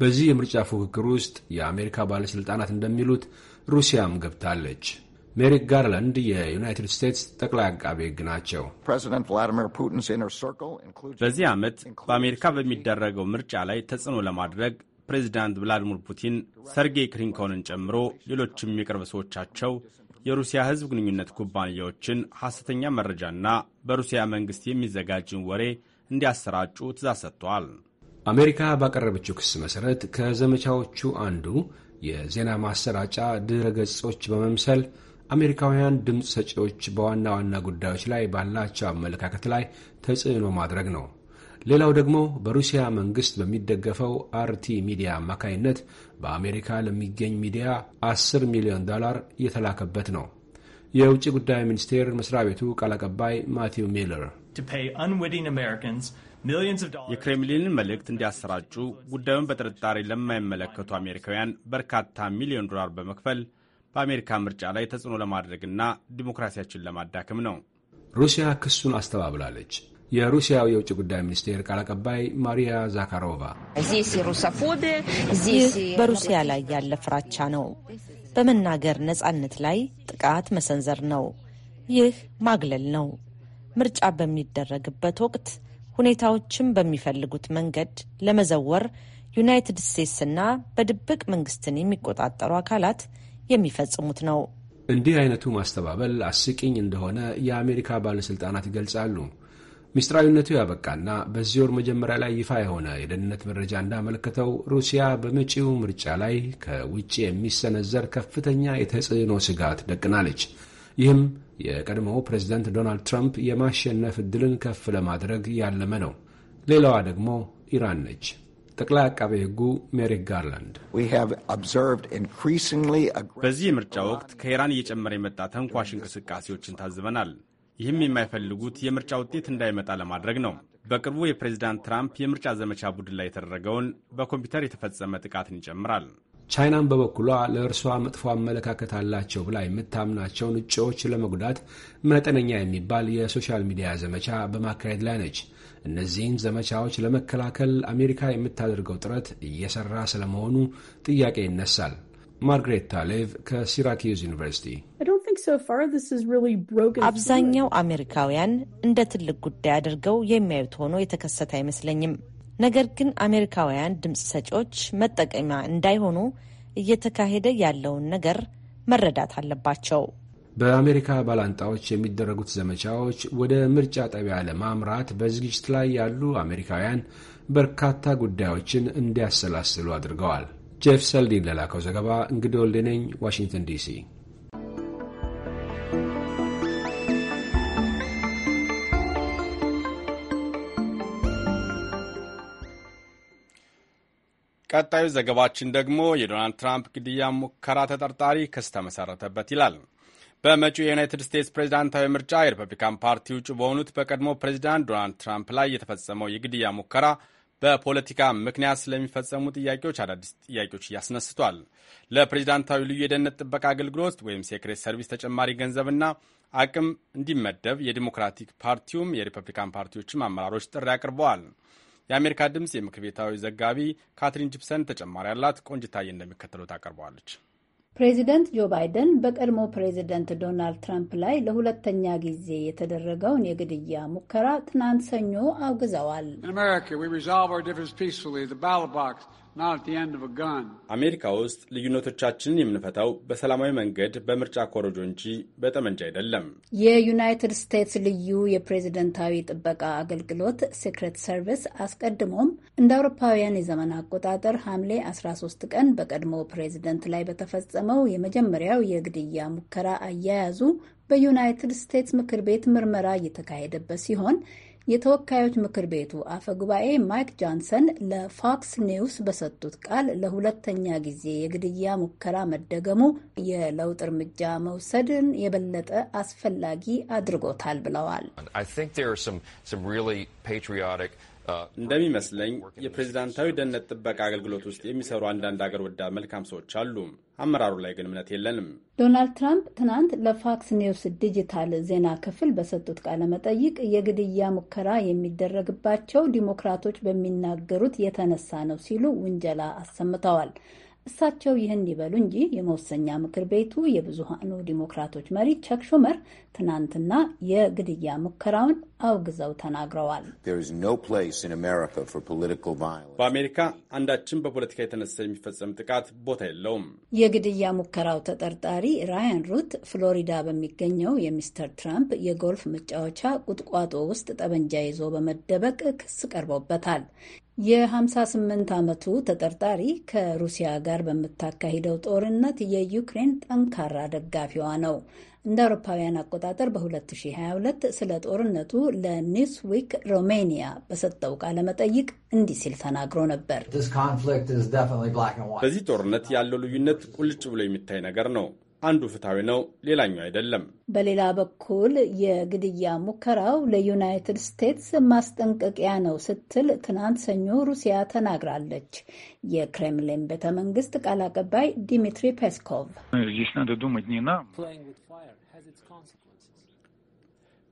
በዚህ የምርጫ ፉክክር ውስጥ የአሜሪካ ባለሥልጣናት እንደሚሉት ሩሲያም ገብታለች። ሜሪክ ጋርላንድ የዩናይትድ ስቴትስ ጠቅላይ አቃቤ ሕግ ናቸው። በዚህ ዓመት በአሜሪካ በሚደረገው ምርጫ ላይ ተጽዕኖ ለማድረግ ፕሬዚዳንት ቭላዲሚር ፑቲን ሰርጌይ ክሪንኮንን ጨምሮ ሌሎችም የቅርብ ሰዎቻቸው የሩሲያ ህዝብ ግንኙነት ኩባንያዎችን ሐሰተኛ መረጃና በሩሲያ መንግሥት የሚዘጋጅን ወሬ እንዲያሰራጩ ትእዛዝ ሰጥቷል። አሜሪካ ባቀረበችው ክስ መሠረት ከዘመቻዎቹ አንዱ የዜና ማሰራጫ ድረ ገጾች በመምሰል አሜሪካውያን ድምፅ ሰጪዎች በዋና ዋና ጉዳዮች ላይ ባላቸው አመለካከት ላይ ተጽዕኖ ማድረግ ነው። ሌላው ደግሞ በሩሲያ መንግስት በሚደገፈው አርቲ ሚዲያ አማካይነት በአሜሪካ ለሚገኝ ሚዲያ 10 ሚሊዮን ዶላር እየተላከበት ነው። የውጭ ጉዳይ ሚኒስቴር መስሪያ ቤቱ ቃል አቀባይ ማቲው ሚለር የክሬምሊንን መልእክት እንዲያሰራጩ ጉዳዩን በጥርጣሬ ለማይመለከቱ አሜሪካውያን በርካታ ሚሊዮን ዶላር በመክፈል በአሜሪካ ምርጫ ላይ ተጽዕኖ ለማድረግና ዲሞክራሲያችን ለማዳከም ነው። ሩሲያ ክሱን አስተባብላለች። የሩሲያው የውጭ ጉዳይ ሚኒስቴር ቃል አቀባይ ማሪያ ዛካሮቫ ይህ በሩሲያ ላይ ያለ ፍራቻ ነው። በመናገር ነጻነት ላይ ጥቃት መሰንዘር ነው። ይህ ማግለል ነው። ምርጫ በሚደረግበት ወቅት ሁኔታዎችን በሚፈልጉት መንገድ ለመዘወር ዩናይትድ ስቴትስና በድብቅ መንግስትን የሚቆጣጠሩ አካላት የሚፈጽሙት ነው። እንዲህ አይነቱ ማስተባበል አስቂኝ እንደሆነ የአሜሪካ ባለሥልጣናት ይገልጻሉ። ሚስጥራዊነቱ ያበቃና በዚህ ወር መጀመሪያ ላይ ይፋ የሆነ የደህንነት መረጃ እንዳመለከተው ሩሲያ በመጪው ምርጫ ላይ ከውጭ የሚሰነዘር ከፍተኛ የተጽዕኖ ስጋት ደቅናለች። ይህም የቀድሞው ፕሬዝደንት ዶናልድ ትራምፕ የማሸነፍ ዕድልን ከፍ ለማድረግ ያለመ ነው። ሌላዋ ደግሞ ኢራን ነች። ጠቅላይ አቃቤ ሕጉ ሜሪክ ጋርላንድ በዚህ የምርጫ ወቅት ከኢራን እየጨመረ የመጣ ተንኳሽ እንቅስቃሴዎችን ታዝበናል። ይህም የማይፈልጉት የምርጫ ውጤት እንዳይመጣ ለማድረግ ነው። በቅርቡ የፕሬዚዳንት ትራምፕ የምርጫ ዘመቻ ቡድን ላይ የተደረገውን በኮምፒውተር የተፈጸመ ጥቃትን ይጨምራል። ቻይናን በበኩሏ ለእርሷ መጥፎ አመለካከት አላቸው ብላ የምታምናቸውን እጩዎች ለመጉዳት መጠነኛ የሚባል የሶሻል ሚዲያ ዘመቻ በማካሄድ ላይ ነች። እነዚህን ዘመቻዎች ለመከላከል አሜሪካ የምታደርገው ጥረት እየሰራ ስለመሆኑ ጥያቄ ይነሳል። ማርግሬት ታሌቭ ከሲራኪዩዝ ዩኒቨርሲቲ አብዛኛው አሜሪካውያን እንደ ትልቅ ጉዳይ አድርገው የሚያዩት ሆኖ የተከሰተ አይመስለኝም። ነገር ግን አሜሪካውያን ድምፅ ሰጪዎች መጠቀሚያ እንዳይሆኑ እየተካሄደ ያለውን ነገር መረዳት አለባቸው። በአሜሪካ ባላንጣዎች የሚደረጉት ዘመቻዎች ወደ ምርጫ ጣቢያ ለማምራት በዝግጅት ላይ ያሉ አሜሪካውያን በርካታ ጉዳዮችን እንዲያሰላስሉ አድርገዋል። ጄፍ ሰልዲን ለላከው ዘገባ እንግዶ ወልዴ ነኝ ዋሽንግተን ዲሲ። ቀጣዩ ዘገባችን ደግሞ የዶናልድ ትራምፕ ግድያ ሙከራ ተጠርጣሪ ክስ ተመሰረተበት ይላል። በመጪው የዩናይትድ ስቴትስ ፕሬዚዳንታዊ ምርጫ የሪፐብሊካን ፓርቲ ውጭ በሆኑት በቀድሞ ፕሬዚዳንት ዶናልድ ትራምፕ ላይ የተፈጸመው የግድያ ሙከራ በፖለቲካ ምክንያት ስለሚፈጸሙ ጥያቄዎች አዳዲስ ጥያቄዎች እያስነስቷል። ለፕሬዚዳንታዊ ልዩ የደህንነት ጥበቃ አገልግሎት ወይም ሴክሬት ሰርቪስ ተጨማሪ ገንዘብና አቅም እንዲመደብ የዲሞክራቲክ ፓርቲውም የሪፐብሊካን ፓርቲዎችም አመራሮች ጥሪ አቅርበዋል። የአሜሪካ ድምፅ የምክር ቤታዊ ዘጋቢ ካትሪን ጂፕሰን ተጨማሪ ያላት ቆንጅታዬ እንደሚከተለው ታቀርበዋለች። ፕሬዚደንት ጆ ባይደን በቀድሞ ፕሬዚደንት ዶናልድ ትራምፕ ላይ ለሁለተኛ ጊዜ የተደረገውን የግድያ ሙከራ ትናንት ሰኞ አውግዘዋል። አሜሪካ ውስጥ ልዩነቶቻችንን የምንፈታው በሰላማዊ መንገድ በምርጫ ኮረጆ እንጂ በጠመንጃ አይደለም። የዩናይትድ ስቴትስ ልዩ የፕሬዝደንታዊ ጥበቃ አገልግሎት ሴክሬት ሰርቪስ አስቀድሞም እንደ አውሮፓውያን የዘመን አቆጣጠር ሐምሌ 13 ቀን በቀድሞ ፕሬዝደንት ላይ በተፈጸመው የመጀመሪያው የግድያ ሙከራ አያያዙ በዩናይትድ ስቴትስ ምክር ቤት ምርመራ እየተካሄደበት ሲሆን የተወካዮች ምክር ቤቱ አፈ ጉባኤ ማይክ ጆንሰን ለፎክስ ኒውስ በሰጡት ቃል ለሁለተኛ ጊዜ የግድያ ሙከራ መደገሙ የለውጥ እርምጃ መውሰድን የበለጠ አስፈላጊ አድርጎታል ብለዋል። እንደሚመስለኝ የፕሬዚዳንታዊ ደህንነት ጥበቃ አገልግሎት ውስጥ የሚሰሩ አንዳንድ አገር ወዳድ መልካም ሰዎች አሉ። አመራሩ ላይ ግን እምነት የለንም። ዶናልድ ትራምፕ ትናንት ለፋክስ ኒውስ ዲጂታል ዜና ክፍል በሰጡት ቃለ መጠይቅ የግድያ ሙከራ የሚደረግባቸው ዲሞክራቶች በሚናገሩት የተነሳ ነው ሲሉ ውንጀላ አሰምተዋል። እሳቸው ይህን ይበሉ እንጂ የመወሰኛ ምክር ቤቱ የብዙሃኑ ዲሞክራቶች መሪ ቸክ ሹመር ትናንትና የግድያ ሙከራውን አውግዘው ተናግረዋል። በአሜሪካ አንዳችን በፖለቲካ የተነሳ የሚፈጸም ጥቃት ቦታ የለውም። የግድያ ሙከራው ተጠርጣሪ ራያን ሩት ፍሎሪዳ በሚገኘው የሚስተር ትራምፕ የጎልፍ መጫወቻ ቁጥቋጦ ውስጥ ጠበንጃ ይዞ በመደበቅ ክስ ቀርቦበታል። የ58 ዓመቱ ተጠርጣሪ ከሩሲያ ጋር በምታካሂደው ጦርነት የዩክሬን ጠንካራ ደጋፊዋ ነው። እንደ አውሮፓውያን አቆጣጠር በ2022 ስለ ጦርነቱ ለኒውስዊክ ሮሜኒያ በሰጠው ቃለ መጠይቅ እንዲህ ሲል ተናግሮ ነበር። በዚህ ጦርነት ያለው ልዩነት ቁልጭ ብሎ የሚታይ ነገር ነው። አንዱ ፍትሐዊ ነው፣ ሌላኛው አይደለም። በሌላ በኩል የግድያ ሙከራው ለዩናይትድ ስቴትስ ማስጠንቀቂያ ነው ስትል ትናንት ሰኞ ሩሲያ ተናግራለች። የክሬምሊን ቤተ መንግስት ቃል አቀባይ ዲሚትሪ ፔስኮቭ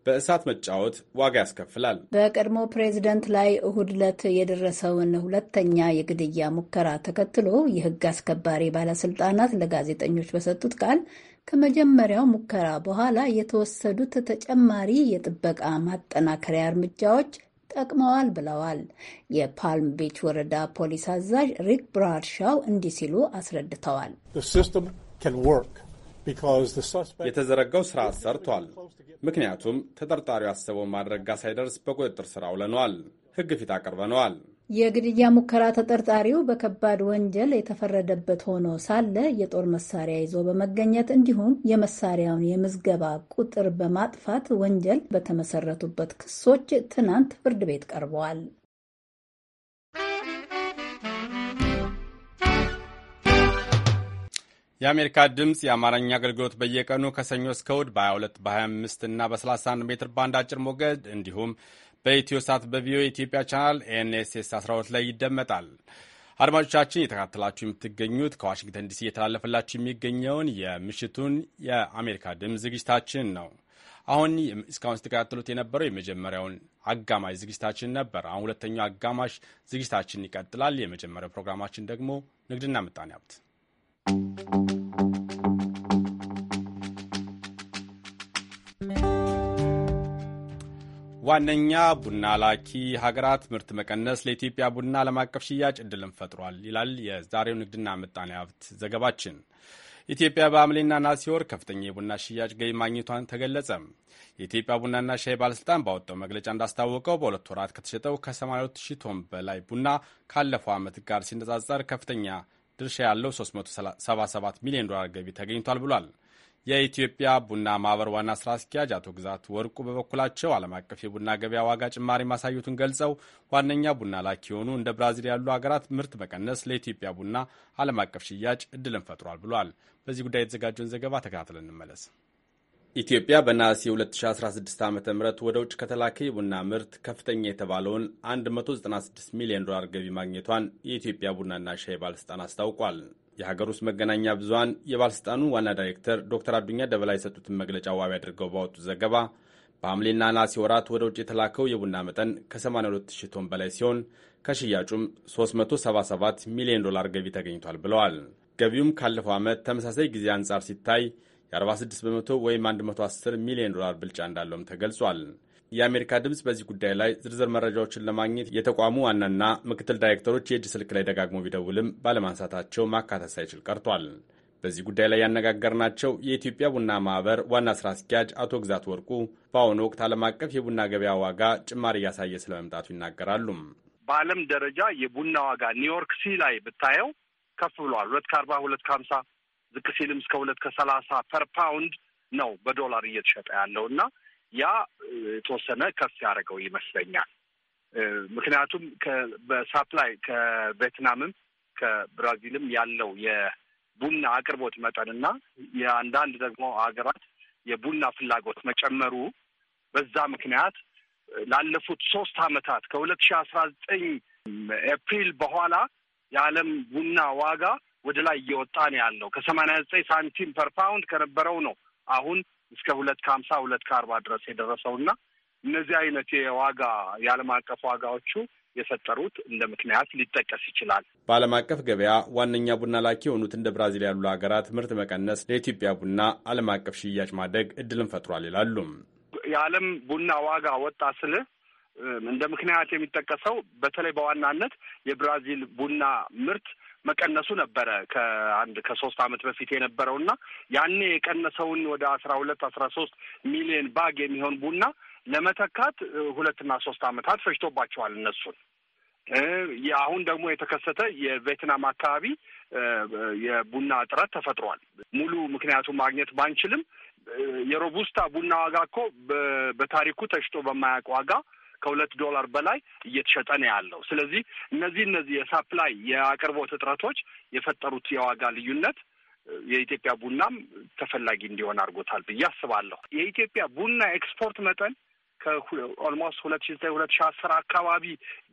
በእሳት መጫወት ዋጋ ያስከፍላል። በቀድሞ ፕሬዝደንት ላይ እሁድ ዕለት የደረሰውን ሁለተኛ የግድያ ሙከራ ተከትሎ የህግ አስከባሪ ባለስልጣናት ለጋዜጠኞች በሰጡት ቃል ከመጀመሪያው ሙከራ በኋላ የተወሰዱት ተጨማሪ የጥበቃ ማጠናከሪያ እርምጃዎች ጠቅመዋል ብለዋል። የፓልም ቤች ወረዳ ፖሊስ አዛዥ ሪክ ብራድሻው እንዲህ ሲሉ አስረድተዋል። የተዘረጋው ስርዓት ሰርቷል። ምክንያቱም ተጠርጣሪው ያሰበውን ማድረጋ ሳይደርስ በቁጥጥር ስር አውለነዋል። ህግ ፊት አቅርበነዋል። የግድያ ሙከራ ተጠርጣሪው በከባድ ወንጀል የተፈረደበት ሆኖ ሳለ የጦር መሳሪያ ይዞ በመገኘት እንዲሁም የመሳሪያውን የምዝገባ ቁጥር በማጥፋት ወንጀል በተመሰረቱበት ክሶች ትናንት ፍርድ ቤት ቀርበዋል። የአሜሪካ ድምፅ የአማርኛ አገልግሎት በየቀኑ ከሰኞ እስከ እሁድ በ22 በ25 እና በ31 ሜትር ባንድ አጭር ሞገድ እንዲሁም በኢትዮ ሳት በቪኦኤ ኢትዮጵያ ቻናል ኤንኤስኤስ 12 ላይ ይደመጣል። አድማጮቻችን የተካተላችሁ የምትገኙት ከዋሽንግተን ዲሲ እየተላለፈላችሁ የሚገኘውን የምሽቱን የአሜሪካ ድምፅ ዝግጅታችን ነው። አሁን እስካሁን ስትከታተሉት የነበረው የመጀመሪያውን አጋማሽ ዝግጅታችን ነበር። አሁን ሁለተኛው አጋማሽ ዝግጅታችን ይቀጥላል። የመጀመሪያው ፕሮግራማችን ደግሞ ንግድና ምጣኔ ሀብት ዋነኛ ቡና ላኪ ሀገራት ምርት መቀነስ ለኢትዮጵያ ቡና ዓለም አቀፍ ሽያጭ እድልን ፈጥሯል ይላል የዛሬው ንግድና ምጣኔ ሀብት ዘገባችን። ኢትዮጵያ በሐምሌና ነሐሴ ወር ከፍተኛ የቡና ሽያጭ ገቢ ማግኘቷን ተገለጸ። የኢትዮጵያ ቡናና ሻይ ባለሥልጣን ባወጣው መግለጫ እንዳስታወቀው በሁለት ወራት ከተሸጠው ከ82 ሺህ ቶን በላይ ቡና ካለፈው ዓመት ጋር ሲነጻጸር ከፍተኛ ድርሻ ያለው 377 ሚሊዮን ዶላር ገቢ ተገኝቷል ብሏል። የኢትዮጵያ ቡና ማህበር ዋና ስራ አስኪያጅ አቶ ግዛት ወርቁ በበኩላቸው ዓለም አቀፍ የቡና ገበያ ዋጋ ጭማሪ ማሳየቱን ገልጸው ዋነኛ ቡና ላኪ የሆኑ እንደ ብራዚል ያሉ ሀገራት ምርት መቀነስ ለኢትዮጵያ ቡና ዓለም አቀፍ ሽያጭ እድልን ፈጥሯል ብሏል። በዚህ ጉዳይ የተዘጋጀውን ዘገባ ተከታትለን እንመለስ። ኢትዮጵያ በነሐሴ 2016 ዓ ም ወደ ውጭ ከተላከ የቡና ምርት ከፍተኛ የተባለውን 196 ሚሊዮን ዶላር ገቢ ማግኘቷን የኢትዮጵያ ቡናና ሻይ ባለሥልጣን አስታውቋል። የሀገር ውስጥ መገናኛ ብዙኃን የባለሥልጣኑ ዋና ዳይሬክተር ዶክተር አዱኛ ደበላ የሰጡትን መግለጫ ዋቢ አድርገው ባወጡት ዘገባ በሐምሌና ነሐሴ ወራት ወደ ውጭ የተላከው የቡና መጠን ከ82000 ቶን በላይ ሲሆን ከሽያጩም 377 ሚሊዮን ዶላር ገቢ ተገኝቷል ብለዋል። ገቢውም ካለፈው ዓመት ተመሳሳይ ጊዜ አንጻር ሲታይ የ46 በመቶ ወይም 110 ሚሊዮን ዶላር ብልጫ እንዳለውም ተገልጿል። የአሜሪካ ድምፅ በዚህ ጉዳይ ላይ ዝርዝር መረጃዎችን ለማግኘት የተቋሙ ዋናና ምክትል ዳይሬክተሮች የእጅ ስልክ ላይ ደጋግሞ ቢደውልም ባለማንሳታቸው ማካተት ሳይችል ቀርቷል። በዚህ ጉዳይ ላይ ያነጋገርናቸው የኢትዮጵያ ቡና ማህበር ዋና ስራ አስኪያጅ አቶ ግዛት ወርቁ በአሁኑ ወቅት ዓለም አቀፍ የቡና ገበያ ዋጋ ጭማሪ እያሳየ ስለመምጣቱ ይናገራሉ። በዓለም ደረጃ የቡና ዋጋ ኒውዮርክ ሲ ላይ ብታየው ከፍ ብለዋል። ሁለት ከአርባ ሁለት ከሀምሳ ዝቅ ሲልም እስከ ሁለት ከሰላሳ ፐር ፓውንድ ነው በዶላር እየተሸጠ ያለው እና ያ የተወሰነ ከፍ ያደረገው ይመስለኛል። ምክንያቱም በሳፕላይ ከቬትናምም ከብራዚልም ያለው የቡና አቅርቦት መጠንና የአንዳንድ ደግሞ ሀገራት የቡና ፍላጎት መጨመሩ በዛ ምክንያት ላለፉት ሶስት አመታት ከሁለት ሺ አስራ ዘጠኝ ኤፕሪል በኋላ የዓለም ቡና ዋጋ ወደ ላይ እየወጣ ነው ያለው ከሰማንያ ዘጠኝ ሳንቲም ፐር ፓውንድ ከነበረው ነው አሁን እስከ ሁለት ከሀምሳ ሁለት ከአርባ ድረስ የደረሰው እና እነዚህ አይነት የዋጋ የዓለም አቀፍ ዋጋዎቹ የፈጠሩት እንደ ምክንያት ሊጠቀስ ይችላል። በዓለም አቀፍ ገበያ ዋነኛ ቡና ላኪ የሆኑት እንደ ብራዚል ያሉ ሀገራት ምርት መቀነስ ለኢትዮጵያ ቡና ዓለም አቀፍ ሽያጭ ማደግ እድልን ፈጥሯል ይላሉ። የዓለም ቡና ዋጋ ወጣ ስልህ እንደ ምክንያት የሚጠቀሰው በተለይ በዋናነት የብራዚል ቡና ምርት መቀነሱ ነበረ ከአንድ ከሶስት ዓመት በፊት የነበረው እና ያኔ የቀነሰውን ወደ አስራ ሁለት አስራ ሶስት ሚሊዮን ባግ የሚሆን ቡና ለመተካት ሁለትና ሶስት አመታት ፈጅቶባቸዋል እነሱን። አሁን ደግሞ የተከሰተ የቬትናም አካባቢ የቡና እጥረት ተፈጥሯል። ሙሉ ምክንያቱ ማግኘት ባንችልም የሮቡስታ ቡና ዋጋ እኮ በታሪኩ ተሽጦ በማያውቅ ዋጋ ከሁለት ዶላር በላይ እየተሸጠ ነው ያለው። ስለዚህ እነዚህ እነዚህ የሳፕላይ የአቅርቦት እጥረቶች የፈጠሩት የዋጋ ልዩነት የኢትዮጵያ ቡናም ተፈላጊ እንዲሆን አድርጎታል ብዬ አስባለሁ። የኢትዮጵያ ቡና ኤክስፖርት መጠን ከኦልሞስት ሁለት ሺ ዘጠኝ ሁለት ሺ አስር አካባቢ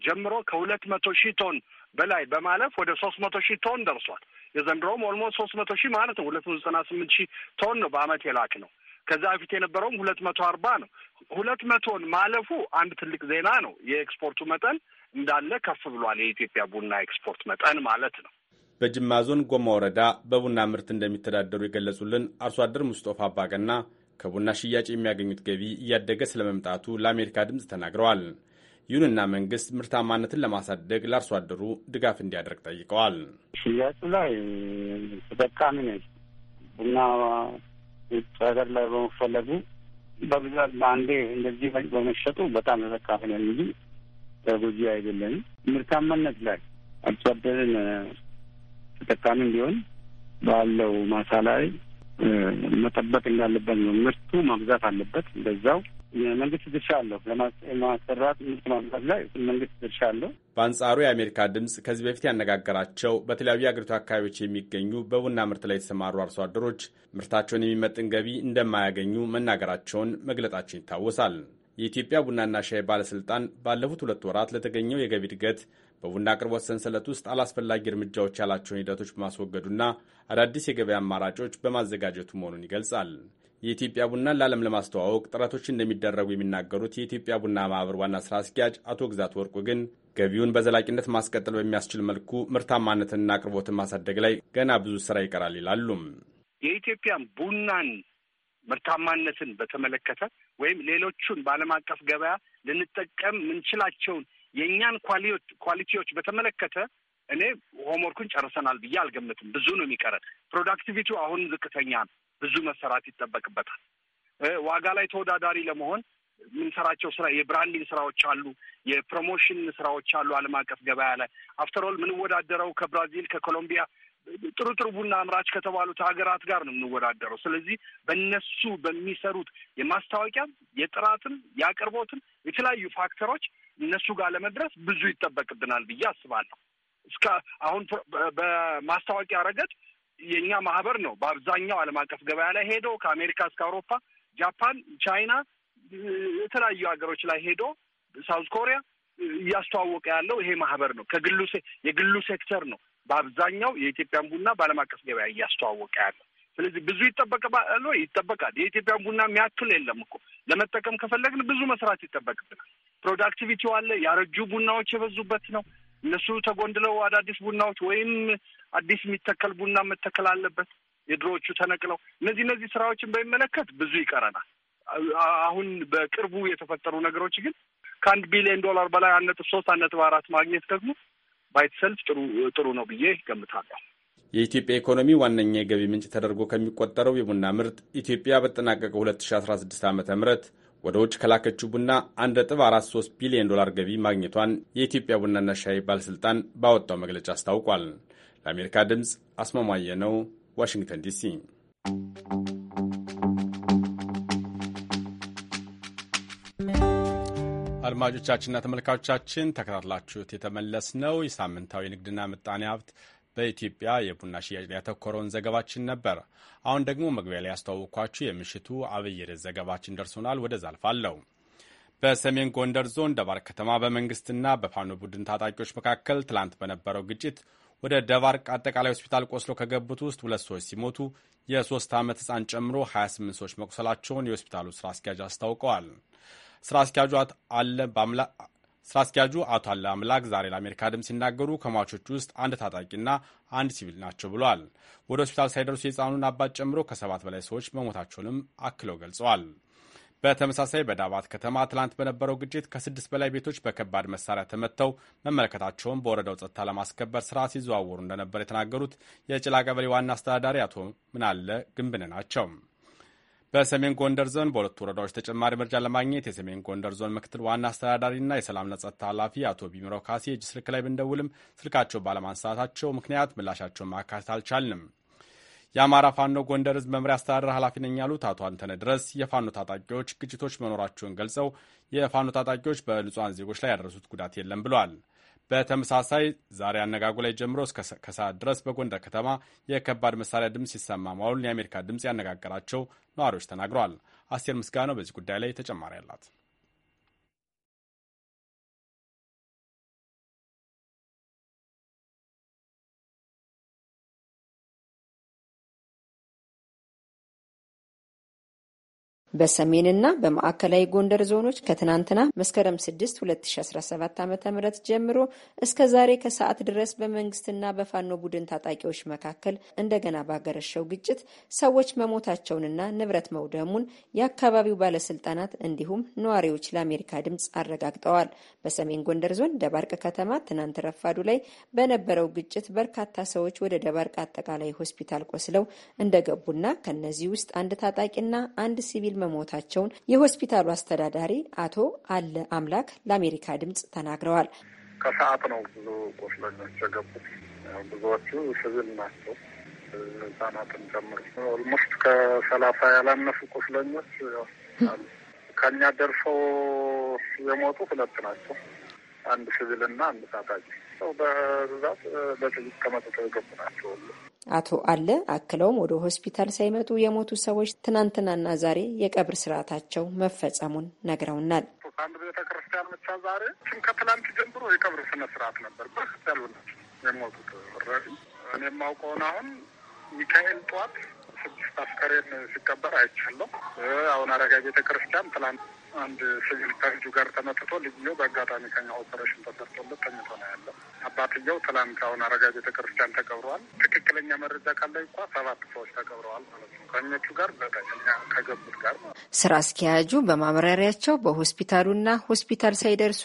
ጀምሮ ከሁለት መቶ ሺህ ቶን በላይ በማለፍ ወደ ሶስት መቶ ሺህ ቶን ደርሷል። የዘንድሮውም ኦልሞስት ሶስት መቶ ሺህ ማለት ነው። ሁለት መቶ ዘጠና ስምንት ሺህ ቶን ነው በአመት የላክ ነው። ከዛ በፊት የነበረውም ሁለት መቶ አርባ ነው። ሁለት መቶን ማለፉ አንድ ትልቅ ዜና ነው። የኤክስፖርቱ መጠን እንዳለ ከፍ ብሏል። የኢትዮጵያ ቡና ኤክስፖርት መጠን ማለት ነው። በጅማ ዞን ጎማ ወረዳ በቡና ምርት እንደሚተዳደሩ የገለጹልን አርሶ አደር ሙስጦፋ አባገና ከቡና ሽያጭ የሚያገኙት ገቢ እያደገ ስለመምጣቱ ለአሜሪካ ድምፅ ተናግረዋል። ይሁንና መንግስት ምርታማነትን ለማሳደግ ለአርሶ አደሩ ድጋፍ እንዲያደርግ ጠይቀዋል። ሽያጭ ላይ ተጠቃሚ ነች ቡና ውጭ ሀገር ላይ በመፈለጉ በብዛት በአንዴ እንደዚህ በመሸጡ በጣም ተጠቃሚነን እንጂ ተጎጂ አይደለን። ምርታማነት ላይ አርሶ አደርን ተጠቃሚ እንዲሆን ባለው ማሳ ላይ መጠበቅ እንዳለበት ነው። ምርቱ መብዛት አለበት። እንደዛው የመንግስት ድርሻ አለው። ለማሰራት ምርት ማምጣት ላይ መንግስት ድርሻ አለው። በአንጻሩ የአሜሪካ ድምፅ ከዚህ በፊት ያነጋገራቸው በተለያዩ የአገሪቱ አካባቢዎች የሚገኙ በቡና ምርት ላይ የተሰማሩ አርሶ አደሮች ምርታቸውን የሚመጥን ገቢ እንደማያገኙ መናገራቸውን መግለጣቸው ይታወሳል። የኢትዮጵያ ቡናና ሻይ ባለስልጣን ባለፉት ሁለት ወራት ለተገኘው የገቢ እድገት በቡና አቅርቦት ሰንሰለት ውስጥ አላስፈላጊ እርምጃዎች ያላቸውን ሂደቶች በማስወገዱና አዳዲስ የገበያ አማራጮች በማዘጋጀቱ መሆኑን ይገልጻል። የኢትዮጵያ ቡናን ለዓለም ለማስተዋወቅ ጥረቶች እንደሚደረጉ የሚናገሩት የኢትዮጵያ ቡና ማህበር ዋና ስራ አስኪያጅ አቶ ግዛት ወርቁ ግን ገቢውን በዘላቂነት ማስቀጠል በሚያስችል መልኩ ምርታማነትንና አቅርቦትን ማሳደግ ላይ ገና ብዙ ስራ ይቀራል ይላሉም። የኢትዮጵያን ቡናን ምርታማነትን በተመለከተ ወይም ሌሎቹን በዓለም አቀፍ ገበያ ልንጠቀም ምንችላቸውን የእኛን ኳሊቲዎች በተመለከተ እኔ ሆምወርኩን ጨርሰናል ብዬ አልገምትም። ብዙ ነው የሚቀረን። ፕሮዳክቲቪቲው አሁን ዝቅተኛ ነው። ብዙ መሰራት ይጠበቅበታል። ዋጋ ላይ ተወዳዳሪ ለመሆን የምንሰራቸው ስራ የብራንዲንግ ስራዎች አሉ፣ የፕሮሞሽን ስራዎች አሉ። ዓለም አቀፍ ገበያ ላይ አፍተርኦል የምንወዳደረው ከብራዚል ከኮሎምቢያ ጥሩ ጥሩ ቡና አምራች ከተባሉት ሀገራት ጋር ነው የምንወዳደረው። ስለዚህ በእነሱ በሚሰሩት የማስታወቂያም፣ የጥራትም፣ የአቅርቦትም የተለያዩ ፋክተሮች እነሱ ጋር ለመድረስ ብዙ ይጠበቅብናል ብዬ አስባለሁ። እስከ አሁን በማስታወቂያ ረገድ የእኛ ማህበር ነው በአብዛኛው ዓለም አቀፍ ገበያ ላይ ሄዶ ከአሜሪካ እስከ አውሮፓ፣ ጃፓን፣ ቻይና፣ የተለያዩ ሀገሮች ላይ ሄዶ ሳውዝ ኮሪያ እያስተዋወቀ ያለው ይሄ ማህበር ነው። ከግሉ የግሉ ሴክተር ነው በአብዛኛው የኢትዮጵያን ቡና በዓለም አቀፍ ገበያ እያስተዋወቀ ያለው። ስለዚህ ብዙ ይጠበቅባል ወይ? ይጠበቃል። የኢትዮጵያን ቡና የሚያክል የለም እኮ ለመጠቀም ከፈለግን ብዙ መስራት ይጠበቅብናል። ፕሮዳክቲቪቲው አለ። ያረጁ ቡናዎች የበዙበት ነው። እነሱ ተጎንድለው አዳዲስ ቡናዎች ወይም አዲስ የሚተከል ቡና መተከል አለበት። የድሮዎቹ ተነቅለው እነዚህ እነዚህ ስራዎችን በሚመለከት ብዙ ይቀረናል። አሁን በቅርቡ የተፈጠሩ ነገሮች ግን ከአንድ ቢሊዮን ዶላር በላይ አንድ ነጥብ ሶስት አንድ ነጥብ አራት ማግኘት ደግሞ ባይትሰልፍ ጥሩ ጥሩ ነው ብዬ ገምታለሁ። የኢትዮጵያ ኢኮኖሚ ዋነኛ የገቢ ምንጭ ተደርጎ ከሚቆጠረው የቡና ምርት ኢትዮጵያ በተጠናቀቀው 2016 ዓ ም ወደ ውጭ ከላከችው ቡና 1.43 ቢሊዮን ዶላር ገቢ ማግኘቷን የኢትዮጵያ ቡናና ሻይ ባለሥልጣን ባወጣው መግለጫ አስታውቋል። ለአሜሪካ ድምፅ አስማማየ ነው፣ ዋሽንግተን ዲሲ። አድማጮቻችንና ተመልካቾቻችን ተከታትላችሁት የተመለስ ነው የሳምንታዊ ንግድና ምጣኔ ሀብት በኢትዮጵያ የቡና ሽያጭ ላይ ያተኮረውን ዘገባችን ነበር። አሁን ደግሞ መግቢያ ላይ ያስተዋወቅኳችሁ የምሽቱ አብይ ርዕስ ዘገባችን ደርሶናል። ወደ አልፋለሁ። በሰሜን ጎንደር ዞን ደባርቅ ከተማ በመንግስትና በፋኖ ቡድን ታጣቂዎች መካከል ትላንት በነበረው ግጭት ወደ ደባርቅ አጠቃላይ ሆስፒታል ቆስሎ ከገቡት ውስጥ ሁለት ሰዎች ሲሞቱ የሶስት ዓመት ሕፃን ጨምሮ 28 ሰዎች መቁሰላቸውን የሆስፒታሉ ስራ አስኪያጅ አስታውቀዋል። ስራ አስኪያጇ አለ ስራ አስኪያጁ አቶ አለ አምላክ ዛሬ ለአሜሪካ ድምፅ ሲናገሩ ከሟቾቹ ውስጥ አንድ ታጣቂና አንድ ሲቪል ናቸው ብለዋል። ወደ ሆስፒታል ሳይደርሱ የህፃኑን አባት ጨምሮ ከሰባት በላይ ሰዎች መሞታቸውንም አክለው ገልጸዋል። በተመሳሳይ በዳባት ከተማ ትላንት በነበረው ግጭት ከስድስት በላይ ቤቶች በከባድ መሳሪያ ተመተው መመለከታቸውን በወረዳው ጸጥታ ለማስከበር ስራ ሲዘዋወሩ እንደነበር የተናገሩት የጭላ ቀበሌ ዋና አስተዳዳሪ አቶ ምናለ ግንብን ናቸው። በሰሜን ጎንደር ዞን በሁለቱ ወረዳዎች ተጨማሪ መረጃ ለማግኘት የሰሜን ጎንደር ዞን ምክትል ዋና አስተዳዳሪና የሰላምና ጸጥታ ኃላፊ አቶ ቢምረው ካሴ እጅ ስልክ ላይ ብንደውልም ስልካቸው ባለማንሳታቸው ምክንያት ምላሻቸውን ማካተት አልቻልንም። የአማራ ፋኖ ጎንደር ህዝብ መምሪያ አስተዳደር ኃላፊ ነኝ ያሉት አቶ አንተነ ድረስ የፋኖ ታጣቂዎች ግጭቶች መኖራቸውን ገልጸው የፋኖ ታጣቂዎች በንጹሐን ዜጎች ላይ ያደረሱት ጉዳት የለም ብለዋል። በተመሳሳይ ዛሬ አነጋጉ ላይ ጀምሮ እስከ ከሰዓት ድረስ በጎንደር ከተማ የከባድ መሳሪያ ድምፅ ሲሰማ ማዋሉን የአሜሪካ ድምፅ ያነጋገራቸው ነዋሪዎች ተናግረዋል። አስቴር ምስጋናው በዚህ ጉዳይ ላይ ተጨማሪ አላት። በሰሜንና በማዕከላዊ ጎንደር ዞኖች ከትናንትና መስከረም 6 2017 ዓ ም ጀምሮ እስከ ዛሬ ከሰዓት ድረስ በመንግስትና በፋኖ ቡድን ታጣቂዎች መካከል እንደገና ባገረሸው ግጭት ሰዎች መሞታቸውንና ንብረት መውደሙን የአካባቢው ባለስልጣናት እንዲሁም ነዋሪዎች ለአሜሪካ ድምፅ አረጋግጠዋል። በሰሜን ጎንደር ዞን ደባርቅ ከተማ ትናንት ረፋዱ ላይ በነበረው ግጭት በርካታ ሰዎች ወደ ደባርቅ አጠቃላይ ሆስፒታል ቆስለው እንደገቡና ከነዚህ ውስጥ አንድ ታጣቂና አንድ ሲቪል መሞታቸውን የሆስፒታሉ አስተዳዳሪ አቶ አለ አምላክ ለአሜሪካ ድምጽ ተናግረዋል። ከሰዓት ነው ብዙ ቁስለኞች የገቡት። ብዙዎቹ ሲቪል ናቸው፣ ህጻናትን ጨምሮ ኦልሞስት ከሰላሳ ያላነሱ ቁስለኞች ከኛ ደርሰው የሞቱ ሁለት ናቸው፣ አንድ ሲቪልና አንድ ታጣቂ። በብዛት በሲቪል ተመጥተው የገቡ ናቸው። አቶ አለ አክለውም ወደ ሆስፒታል ሳይመጡ የሞቱ ሰዎች ትናንትናና ዛሬ የቀብር ስርዓታቸው መፈጸሙን ነግረውናል። አንድ ቤተክርስቲያን ክርስቲያን ብቻ ዛሬ ችም ከትላንት ጀምሮ የቀብር ስነ ስርዓት ነበር። በክርስቲያኑ ናቸው የሞቱት። ረዲ እኔ የማውቀውን አሁን ሚካኤል ጠዋት ስድስት አስከሬን ሲቀበር አይቻለሁ። አሁን አረጋ ቤተክርስቲያን ትላንት አንድ ሲቪል ከልጁ ጋር ተመትቶ ልጅየው በአጋጣሚ ከኛ ኦፐሬሽን ተሰርቶለት ተኝቶ ነው ያለው። አባትየው ትላንት አሁን አረጋ ቤተክርስቲያን ተቀብረዋል። ትክክለኛ መረጃ ካለ እንኳ ሰባት ሰዎች ተቀብረዋል ማለት ነው። ከእኞቹ ጋር ዘጠኛ ከገቡት ጋር ስራ አስኪያጁ በማብራሪያቸው በሆስፒታሉና ሆስፒታል ሳይደርሱ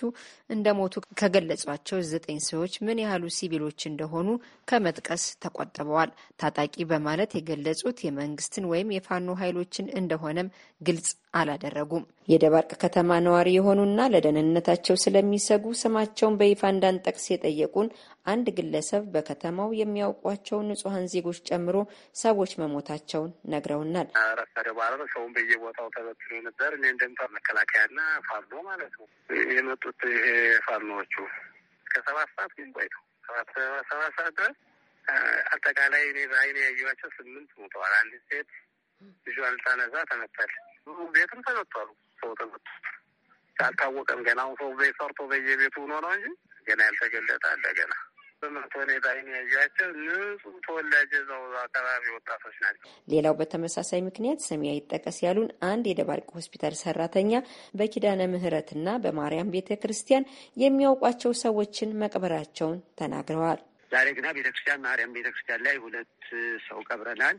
እንደሞቱ ከገለጿቸው ዘጠኝ ሰዎች ምን ያህሉ ሲቪሎች እንደሆኑ ከመጥቀስ ተቆጥበዋል። ታጣቂ በማለት የገለጹት የመንግስትን ወይም የፋኖ ኃይሎችን እንደሆነም ግልጽ አላደረጉም። የደባርቅ ከተማ ነዋሪ የሆኑና ለደህንነታቸው ስለሚሰጉ ስማቸውን በይፋ እንዳንጠቅስ የጠየቁን አንድ ግለሰብ በከተማው የሚያውቋቸው ንጹሐን ዜጎች ጨምሮ ሰዎች መሞታቸውን ነግረውናል። ረፈደ በኋላ ሰውን በየቦታው ተበትኖ ነበር። እኔ እንደምታ መከላከያና ፋኖ ማለት ነው የመጡት ይሄ ፋኖዎቹ ከሰባት ሰዓት ግን ቆይተው ሰባት ሰባት ሰዓት ድረስ አጠቃላይ እኔ በአይኔ ያየኋቸው ስምንት ሞተዋል። አንድ ሴት ልጇን ልታነሳ ተመታል። ቤትም ተመቷሉ። ሰው ትምህርት ውስጥ አልታወቀም። ገና አሁን ሰው ቤት ሰርቶ በየቤቱ ሆኖ ነው እንጂ ገና ያልተገለጠ አለ። ገና በምርት ሁኔታ የሚያያቸው ንጹህ ተወላጅ እዛው አካባቢ ወጣቶች ናቸው። ሌላው በተመሳሳይ ምክንያት ስሜ አይጠቀስ ያሉን አንድ የደባርቅ ሆስፒታል ሰራተኛ በኪዳነ ምሕረትና በማርያም ቤተ ክርስቲያን የሚያውቋቸው ሰዎችን መቅበራቸውን ተናግረዋል። ዛሬ ግና ቤተ ክርስቲያን ማርያም ቤተ ክርስቲያን ላይ ሁለት ሰው ቀብረናል።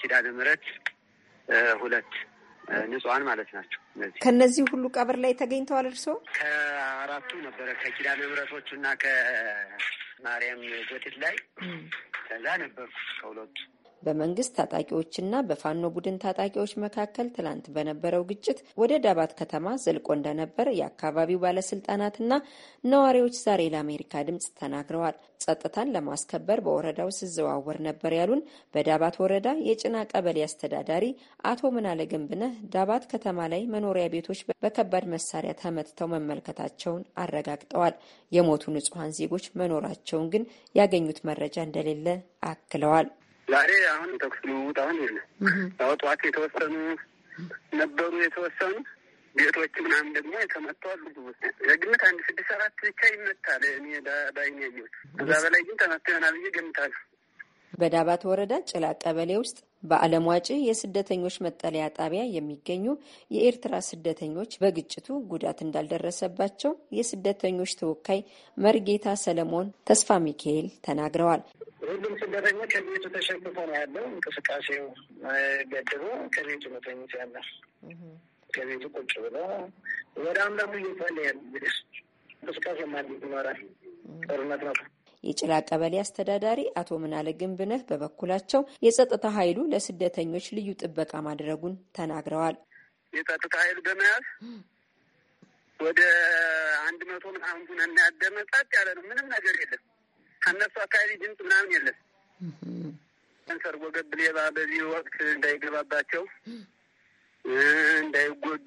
ኪዳነ ምሕረት ሁለት ንጹሐን ማለት ናቸው። እነዚህ ከእነዚህ ሁሉ ቀብር ላይ ተገኝተዋል። እርስዎ ከአራቱ ነበረ ከኪዳነ ምሕረቶቹ እና ከማርያም ጎቴት ላይ ከዛ ነበርኩ ከሁለቱ በመንግስት ታጣቂዎችና በፋኖ ቡድን ታጣቂዎች መካከል ትላንት በነበረው ግጭት ወደ ዳባት ከተማ ዘልቆ እንደነበር የአካባቢው ባለስልጣናትና ነዋሪዎች ዛሬ ለአሜሪካ ድምጽ ተናግረዋል። ጸጥታን ለማስከበር በወረዳው ስዘዋወር ነበር ያሉን በዳባት ወረዳ የጭና ቀበሌ አስተዳዳሪ አቶ ምናለ ግንብነህ ዳባት ከተማ ላይ መኖሪያ ቤቶች በከባድ መሳሪያ ተመትተው መመልከታቸውን አረጋግጠዋል። የሞቱ ንጹሐን ዜጎች መኖራቸውን ግን ያገኙት መረጃ እንደሌለ አክለዋል። ዛሬ አሁን ተኩስ ልውውጥ አሁን የለ። ያው ጠዋት የተወሰኑ ነበሩ የተወሰኑ ቤቶች ምናምን ደግሞ የተመቱ አሉ። የግምት አንድ ስድስት ሰባት ብቻ ይመታል። እኔ ዳይኛ ያየሁት እዛ በላይ ግን ተመቶ ይሆናል ብዬ ገምታል። በዳባት ወረዳ ጭላ ቀበሌ ውስጥ በዓለም ዋጪ የስደተኞች መጠለያ ጣቢያ የሚገኙ የኤርትራ ስደተኞች በግጭቱ ጉዳት እንዳልደረሰባቸው የስደተኞች ተወካይ መርጌታ ሰለሞን ተስፋ ሚካኤል ተናግረዋል። ሁሉም ስደተኛ ከቤቱ ተሸክፎ ነው ያለው። እንቅስቃሴው ገድቦ ከቤቱ ነው ተኝቶ ከቤቱ ቁጭ ብሎ ወደ አምላኩ እየፈለ እንቅስቃሴ ማድ ይኖራል። ጦርነት ነው። የጭላ ቀበሌ አስተዳዳሪ አቶ ምናለ ግንብነህ በበኩላቸው የጸጥታ ኃይሉ ለስደተኞች ልዩ ጥበቃ ማድረጉን ተናግረዋል። የጸጥታ ኃይል በመያዝ ወደ አንድ መቶ ምናምን ቡነና ያደመ ጸጥ ያለ ነው። ምንም ነገር የለም። ከእነሱ አካባቢ ድምፅ ምናምን የለም። ሰርጎ ገብ ሌባ በዚህ ወቅት እንዳይገባባቸው እንዳይጎዱ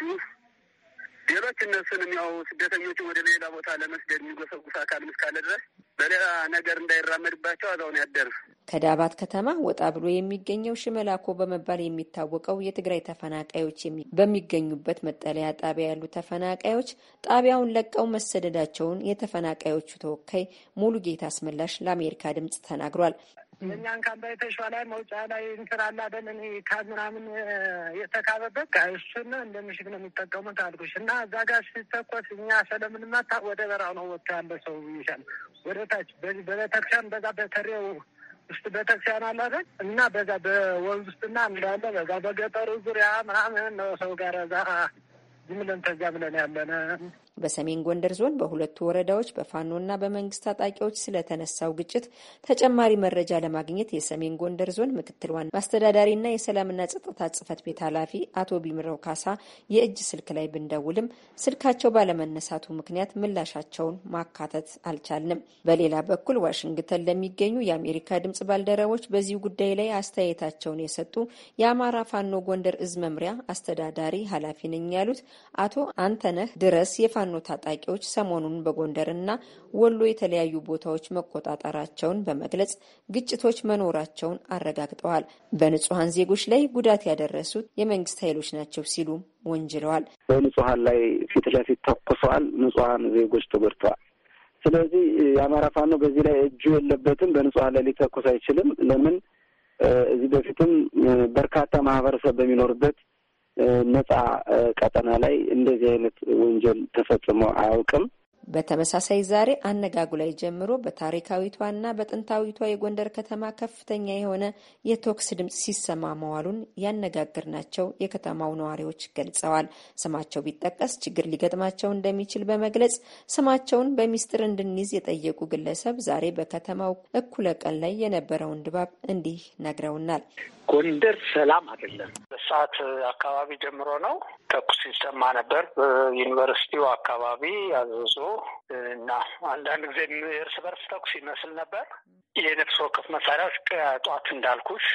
ሌሎች እነሱንም ያው ስደተኞችን ወደ ሌላ ቦታ ለመስደድ የሚጎሰጉስ አካል እስካለ ድረስ በሌላ ነገር እንዳይራመድባቸው አዛውን ያደር። ከዳባት ከተማ ወጣ ብሎ የሚገኘው ሽመላኮ በመባል የሚታወቀው የትግራይ ተፈናቃዮች በሚገኙበት መጠለያ ጣቢያ ያሉ ተፈናቃዮች ጣቢያውን ለቀው መሰደዳቸውን የተፈናቃዮቹ ተወካይ ሙሉ ጌታ አስመላሽ ለአሜሪካ ድምጽ ተናግሯል። የእኛን ካምባ የተሿ ላይ መውጫ ላይ እንስራላ አለ አይደል? እኔ ካብ ምናምን የተካበበት እሱን እንደምሽግ ነው የሚጠቀሙት አልኩሽ። እና እዛ ጋር ሲተኮስ እኛ ስለምንመታ ወደ በራው ነው ወጥቶ ያለ ሰው ይሻል ወደ ታች በቤተክርስቲያን በዛ በተሬው ውስጥ ቤተክርስቲያን አለ እና በዛ በወንዝ ውስጥና እንዳለ በዛ በገጠሩ ዙሪያ ምናምን ነው ሰው ጋር እዛ ዝም ብለን ተዚያ ብለን ያለን በሰሜን ጎንደር ዞን በሁለቱ ወረዳዎች በፋኖና በመንግስት ታጣቂዎች ስለተነሳው ግጭት ተጨማሪ መረጃ ለማግኘት የሰሜን ጎንደር ዞን ምክትል ዋና አስተዳዳሪና የሰላምና ጸጥታ ጽህፈት ቤት ኃላፊ አቶ ቢምረው ካሳ የእጅ ስልክ ላይ ብንደውልም ስልካቸው ባለመነሳቱ ምክንያት ምላሻቸውን ማካተት አልቻልንም። በሌላ በኩል ዋሽንግተን ለሚገኙ የአሜሪካ ድምጽ ባልደረቦች በዚህ ጉዳይ ላይ አስተያየታቸውን የሰጡ የአማራ ፋኖ ጎንደር እዝ መምሪያ አስተዳዳሪ ኃላፊ ነኝ ያሉት አቶ አንተነህ ድረስ የፋ የፋኖ ታጣቂዎች ሰሞኑን በጎንደርና ወሎ የተለያዩ ቦታዎች መቆጣጠራቸውን በመግለጽ ግጭቶች መኖራቸውን አረጋግጠዋል። በንጹሐን ዜጎች ላይ ጉዳት ያደረሱት የመንግስት ኃይሎች ናቸው ሲሉ ወንጅለዋል። በንጹሐን ላይ ፊት ለፊት ተኩሰዋል። ንጹሐን ዜጎች ተጎድተዋል። ስለዚህ የአማራ ፋኖ በዚህ ላይ እጁ የለበትም። በንጹሐን ላይ ሊተኩስ አይችልም። ለምን እዚህ በፊትም በርካታ ማህበረሰብ በሚኖርበት ነጻ ቀጠና ላይ እንደዚህ አይነት ወንጀል ተፈጽሞ አያውቅም። በተመሳሳይ ዛሬ አነጋጉ ላይ ጀምሮ እና በጥንታዊቷ የጎንደር ከተማ ከፍተኛ የሆነ የቶክስ ድምፅ ሲሰማ መዋሉን ያነጋገርናቸው የከተማው ነዋሪዎች ገልጸዋል። ስማቸው ቢጠቀስ ችግር ሊገጥማቸው እንደሚችል በመግለጽ ስማቸውን በሚስጥር እንድንይዝ የጠየቁ ግለሰብ ዛሬ በከተማው እኩለ ቀን ላይ የነበረውን ድባብ እንዲህ ነግረውናል። ጎንደር ሰላም አይደለም። በሰዓት አካባቢ ጀምሮ ነው ተኩስ ይሰማ ነበር። ዩኒቨርሲቲው አካባቢ አዘዞ እና አንዳንድ ጊዜ እርስ በርስ ተኩስ ይመስል ነበር። የነፍስ ወከፍ መሳሪያዎች ጠዋት እንዳልኩሽ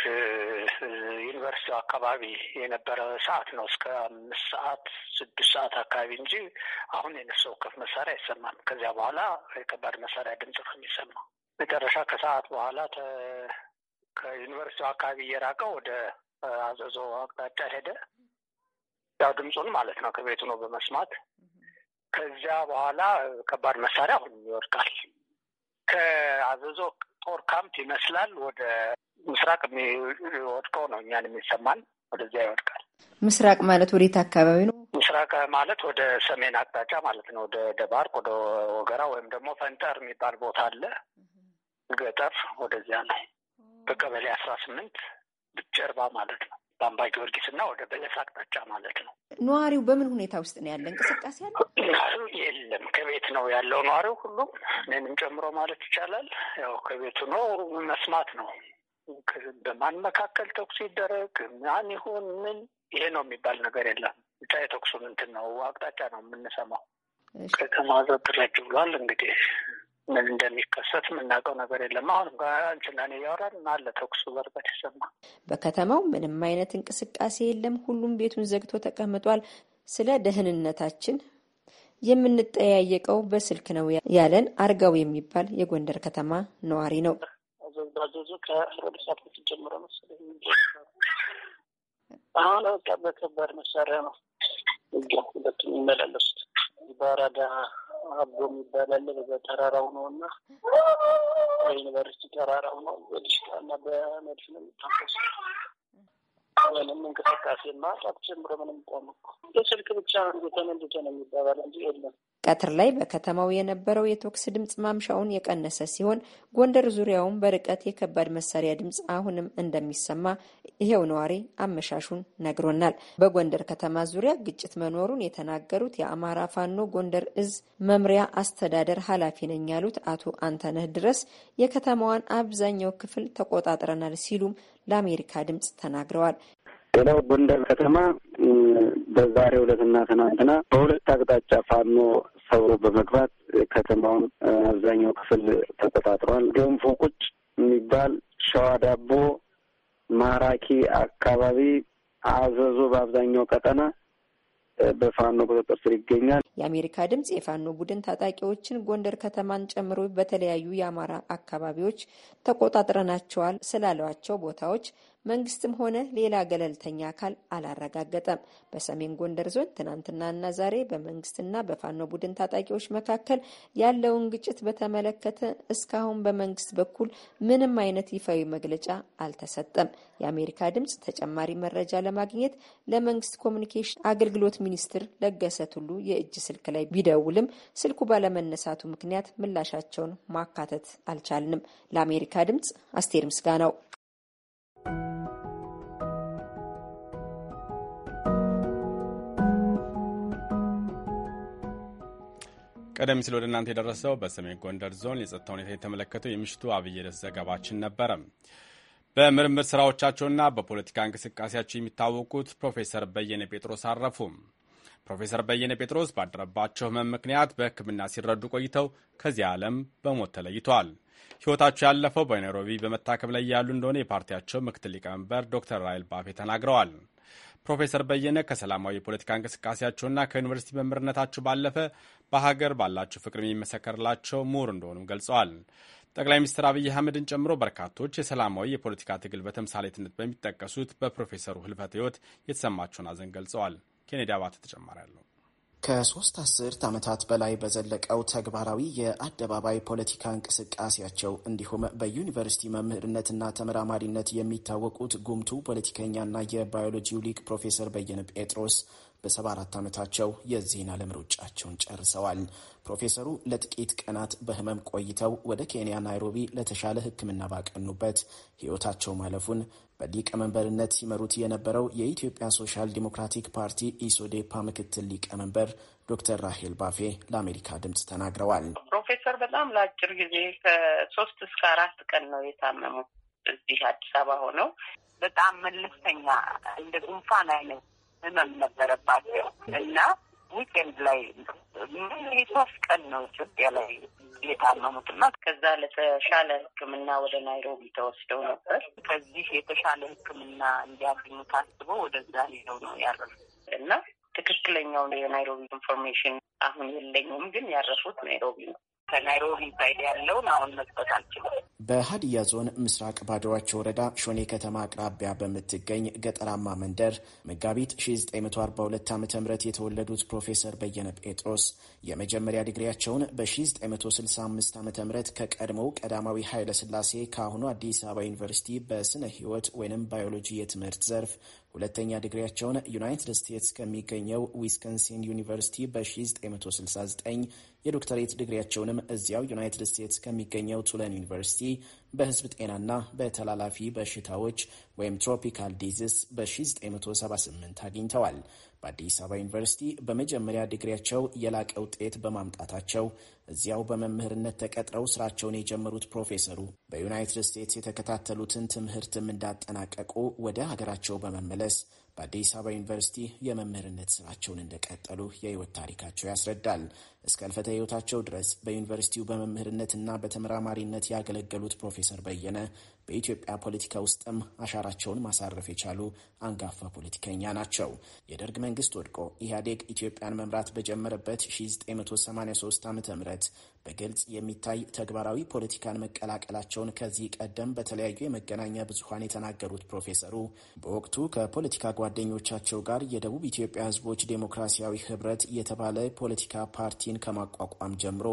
ዩኒቨርሲቲው አካባቢ የነበረ ሰዓት ነው እስከ አምስት ሰዓት ስድስት ሰዓት አካባቢ እንጂ አሁን የነፍስ ወከፍ መሳሪያ አይሰማም። ከዚያ በኋላ የከባድ መሳሪያ ድምጽ ነው የሚሰማው። መጨረሻ ከሰዓት በኋላ ከዩኒቨርሲቲው አካባቢ እየራቀ ወደ አዘዞ አቅጣጫ ሄደ። ያው ድምፁን ማለት ነው ከቤቱ ነው በመስማት ከዚያ በኋላ ከባድ መሳሪያ አሁንም ይወድቃል። ከአዘዞ ጦር ካምፕ ይመስላል ወደ ምስራቅ የሚወድቀው ነው እኛን የሚሰማን፣ ወደዚያ ይወድቃል። ምስራቅ ማለት ወዴት አካባቢ ነው? ምስራቅ ማለት ወደ ሰሜን አቅጣጫ ማለት ነው። ወደ ደባርቅ፣ ወደ ወገራ ወይም ደግሞ ፈንጠር የሚባል ቦታ አለ ገጠር፣ ወደዚያ ነው። በቀበሌ አስራ ስምንት ጀርባ ማለት ነው። በአምባ ጊዮርጊስ እና ወደ በለስ አቅጣጫ ማለት ነው። ነዋሪው በምን ሁኔታ ውስጥ ነው ያለ? እንቅስቃሴ ያለ የለም። ከቤት ነው ያለው ነዋሪው ሁሉም፣ እኔንም ጨምሮ ማለት ይቻላል። ያው ከቤቱ ነው መስማት ነው። በማን መካከል ተኩስ ይደረግ ማን ይሁን ምን ይሄ ነው የሚባል ነገር የለም። ብቻ የተኩሱ ምንትን ነው አቅጣጫ ነው የምንሰማው። ከተማ ዘብትላችሁ ብሏል እንግዲህ ምን እንደሚከሰት የምናውቀው ነገር የለም። አሁንም አንቺና እኔ እያወራን እና አለ ተኩሱ በርበት ይሰማ። በከተማው ምንም አይነት እንቅስቃሴ የለም። ሁሉም ቤቱን ዘግቶ ተቀምጧል። ስለ ደህንነታችን የምንጠያየቀው በስልክ ነው ያለን አርጋው የሚባል የጎንደር ከተማ ነዋሪ ነው። አሁን በቃ በከባድ መሳሪያ ነው ሁለቱም የሚመላለሱት በአራዳ አቦ የሚባላለ በዛ ተራራው ነው እና በዩኒቨርሲቲ ተራራው ነው በዲሽቃና በመድፍ ነው የሚታፈሱ ወይም እንቅስቃሴ ማጣት ጀምሮ ምንም ቆመ። በስልክ ብቻ አንጎተን እንዲተን የሚባባል እንጂ የለም ቀትር ላይ በከተማው የነበረው የተኩስ ድምፅ ማምሻውን የቀነሰ ሲሆን፣ ጎንደር ዙሪያውን በርቀት የከባድ መሳሪያ ድምፅ አሁንም እንደሚሰማ ይሄው ነዋሪ አመሻሹን ነግሮናል። በጎንደር ከተማ ዙሪያ ግጭት መኖሩን የተናገሩት የአማራ ፋኖ ጎንደር እዝ መምሪያ አስተዳደር ኃላፊ ነኝ ያሉት አቶ አንተነህ ድረስ የከተማዋን አብዛኛው ክፍል ተቆጣጥረናል ሲሉም ለአሜሪካ ድምፅ ተናግረዋል። ሌላው ጎንደር ከተማ በዛሬው ዕለትና ትናንትና በሁለት አቅጣጫ ፋኖ ሰብሮ በመግባት ከተማውን አብዛኛው ክፍል ተቆጣጥሯል። ገንፎ ቁጭ የሚባል ሸዋ ዳቦ፣ ማራኪ አካባቢ፣ አዘዞ በአብዛኛው ቀጠና በፋኖ ቁጥጥር ስር ይገኛል። የአሜሪካ ድምጽ የፋኖ ቡድን ታጣቂዎችን ጎንደር ከተማን ጨምሮ በተለያዩ የአማራ አካባቢዎች ተቆጣጥረናቸዋል ስላለዋቸው ቦታዎች መንግስትም ሆነ ሌላ ገለልተኛ አካል አላረጋገጠም። በሰሜን ጎንደር ዞን ትናንትናና ዛሬ በመንግስትና በፋኖ ቡድን ታጣቂዎች መካከል ያለውን ግጭት በተመለከተ እስካሁን በመንግስት በኩል ምንም አይነት ይፋዊ መግለጫ አልተሰጠም። የአሜሪካ ድምጽ ተጨማሪ መረጃ ለማግኘት ለመንግስት ኮሚኒኬሽን አገልግሎት ሚኒስትር ለገሰ ቱሉ የእጅ ስልክ ላይ ቢደውልም ስልኩ ባለመነሳቱ ምክንያት ምላሻቸውን ማካተት አልቻልንም። ለአሜሪካ ድምጽ አስቴር ምስጋናው ቀደም ሲል ወደ እናንተ የደረሰው በሰሜን ጎንደር ዞን የጸጥታ ሁኔታ የተመለከተው የምሽቱ አብይ ርዕስ ዘገባችን ነበረ። በምርምር ስራዎቻቸውና በፖለቲካ እንቅስቃሴያቸው የሚታወቁት ፕሮፌሰር በየነ ጴጥሮስ አረፉ። ፕሮፌሰር በየነ ጴጥሮስ ባደረባቸው ህመም ምክንያት በሕክምና ሲረዱ ቆይተው ከዚህ ዓለም በሞት ተለይቷል። ሕይወታቸው ያለፈው በናይሮቢ በመታከም ላይ ያሉ እንደሆነ የፓርቲያቸው ምክትል ሊቀመንበር ዶክተር ራይል ባፌ ተናግረዋል። ፕሮፌሰር በየነ ከሰላማዊ የፖለቲካ እንቅስቃሴያቸውና ከዩኒቨርሲቲ መምህርነታቸው ባለፈ በሀገር ባላቸው ፍቅር የሚመሰከርላቸው ምሁር እንደሆኑም ገልጸዋል። ጠቅላይ ሚኒስትር አብይ አህመድን ጨምሮ በርካቶች የሰላማዊ የፖለቲካ ትግል በተምሳሌትነት በሚጠቀሱት በፕሮፌሰሩ ህልፈት ህይወት የተሰማቸውን አዘን ገልጸዋል። ኬኔዲ አባተ ተጨማሪ ያለው ከሶስት አስርት ዓመታት በላይ በዘለቀው ተግባራዊ የአደባባይ ፖለቲካ እንቅስቃሴያቸው እንዲሁም በዩኒቨርሲቲ መምህርነትና ተመራማሪነት የሚታወቁት ጉምቱ ፖለቲከኛና የባዮሎጂው ሊቅ ፕሮፌሰር በየነ ጴጥሮስ በሰባ 74 ዓመታቸው የዜና ዓለም ሩጫቸውን ጨርሰዋል። ፕሮፌሰሩ ለጥቂት ቀናት በህመም ቆይተው ወደ ኬንያ ናይሮቢ ለተሻለ ሕክምና ባቀኑበት ህይወታቸው ማለፉን በሊቀመንበርነት ሲመሩት የነበረው የኢትዮጵያ ሶሻል ዲሞክራቲክ ፓርቲ ኢሶዴፓ ምክትል ሊቀመንበር ዶክተር ራሄል ባፌ ለአሜሪካ ድምፅ ተናግረዋል። ፕሮፌሰር በጣም ለአጭር ጊዜ ከሶስት እስከ አራት ቀን ነው የታመሙ እዚህ አዲስ አበባ ሆነው በጣም መለስተኛ እንደ ጉንፋን አይነት ህመም ነበረባቸው እና ዊኬንድ ላይ ምን ሶስት ቀን ነው ኢትዮጵያ ላይ የታመሙት እና ከዛ ለተሻለ ሕክምና ወደ ናይሮቢ ተወስደው ነበር። ከዚህ የተሻለ ሕክምና እንዲያገኙ ታስበው ወደዛ ሄደው ነው ያረፉ እና ትክክለኛውን የናይሮቢ ኢንፎርሜሽን አሁን የለኝም፣ ግን ያረፉት ናይሮቢ ነው። ከናይሮቢ ሳይድ ያለውን አሁን መስጠት አልችልም። በሀዲያ ዞን ምስራቅ ባድዋቾ ወረዳ ሾኔ ከተማ አቅራቢያ በምትገኝ ገጠራማ መንደር መጋቢት 1942 ዓ ም የተወለዱት ፕሮፌሰር በየነ ጴጥሮስ የመጀመሪያ ዲግሪያቸውን በ1965 ዓ ም ከቀድሞው ቀዳማዊ ኃይለ ስላሴ ከአሁኑ አዲስ አበባ ዩኒቨርሲቲ በስነ ህይወት ወይም ባዮሎጂ የትምህርት ዘርፍ ሁለተኛ ዲግሪያቸውን ዩናይትድ ስቴትስ ከሚገኘው ዊስኮንሲን ዩኒቨርሲቲ በ1969 የዶክተሬት ድግሪያቸውንም እዚያው ዩናይትድ ስቴትስ ከሚገኘው ቱለን ዩኒቨርሲቲ በህዝብ ጤናና በተላላፊ በሽታዎች ወይም ትሮፒካል ዲዝስ በ1978 አግኝተዋል። በአዲስ አበባ ዩኒቨርሲቲ በመጀመሪያ ድግሪያቸው የላቀ ውጤት በማምጣታቸው እዚያው በመምህርነት ተቀጥረው ስራቸውን የጀመሩት ፕሮፌሰሩ በዩናይትድ ስቴትስ የተከታተሉትን ትምህርትም እንዳጠናቀቁ ወደ ሀገራቸው በመመለስ በአዲስ አበባ ዩኒቨርሲቲ የመምህርነት ስራቸውን እንደቀጠሉ የህይወት ታሪካቸው ያስረዳል። እስከ እልፈተ ሕይወታቸው ድረስ በዩኒቨርሲቲው በመምህርነትና በተመራማሪነት ያገለገሉት ፕሮፌሰር በየነ በኢትዮጵያ ፖለቲካ ውስጥም አሻራቸውን ማሳረፍ የቻሉ አንጋፋ ፖለቲከኛ ናቸው። የደርግ መንግስት ወድቆ ኢህአዴግ ኢትዮጵያን መምራት በጀመረበት 1983 ዓ ም በግልጽ የሚታይ ተግባራዊ ፖለቲካን መቀላቀላቸውን ከዚህ ቀደም በተለያዩ የመገናኛ ብዙኃን የተናገሩት ፕሮፌሰሩ በወቅቱ ከፖለቲካ ጓደኞቻቸው ጋር የደቡብ ኢትዮጵያ ህዝቦች ዴሞክራሲያዊ ህብረት የተባለ ፖለቲካ ፓርቲ ፓርቲን ከማቋቋም ጀምሮ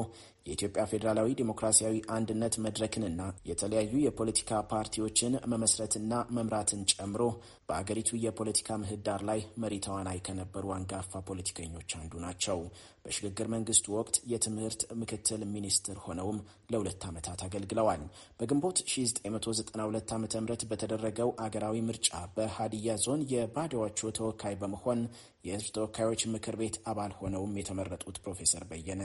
የኢትዮጵያ ፌዴራላዊ ዴሞክራሲያዊ አንድነት መድረክንና የተለያዩ የፖለቲካ ፓርቲዎችን መመስረትና መምራትን ጨምሮ በአገሪቱ የፖለቲካ ምህዳር ላይ መሪ ተዋናይ ከነበሩ አንጋፋ ፖለቲከኞች አንዱ ናቸው። በሽግግር መንግስቱ ወቅት የትምህርት ምክትል ሚኒስትር ሆነውም ለሁለት ዓመታት አገልግለዋል። በግንቦት 1992 ዓ ም በተደረገው አገራዊ ምርጫ በሃዲያ ዞን የባዲያዎቹ ተወካይ በመሆን የህዝብ ተወካዮች ምክር ቤት አባል ሆነውም የተመረጡት ፕሮፌሰር በየነ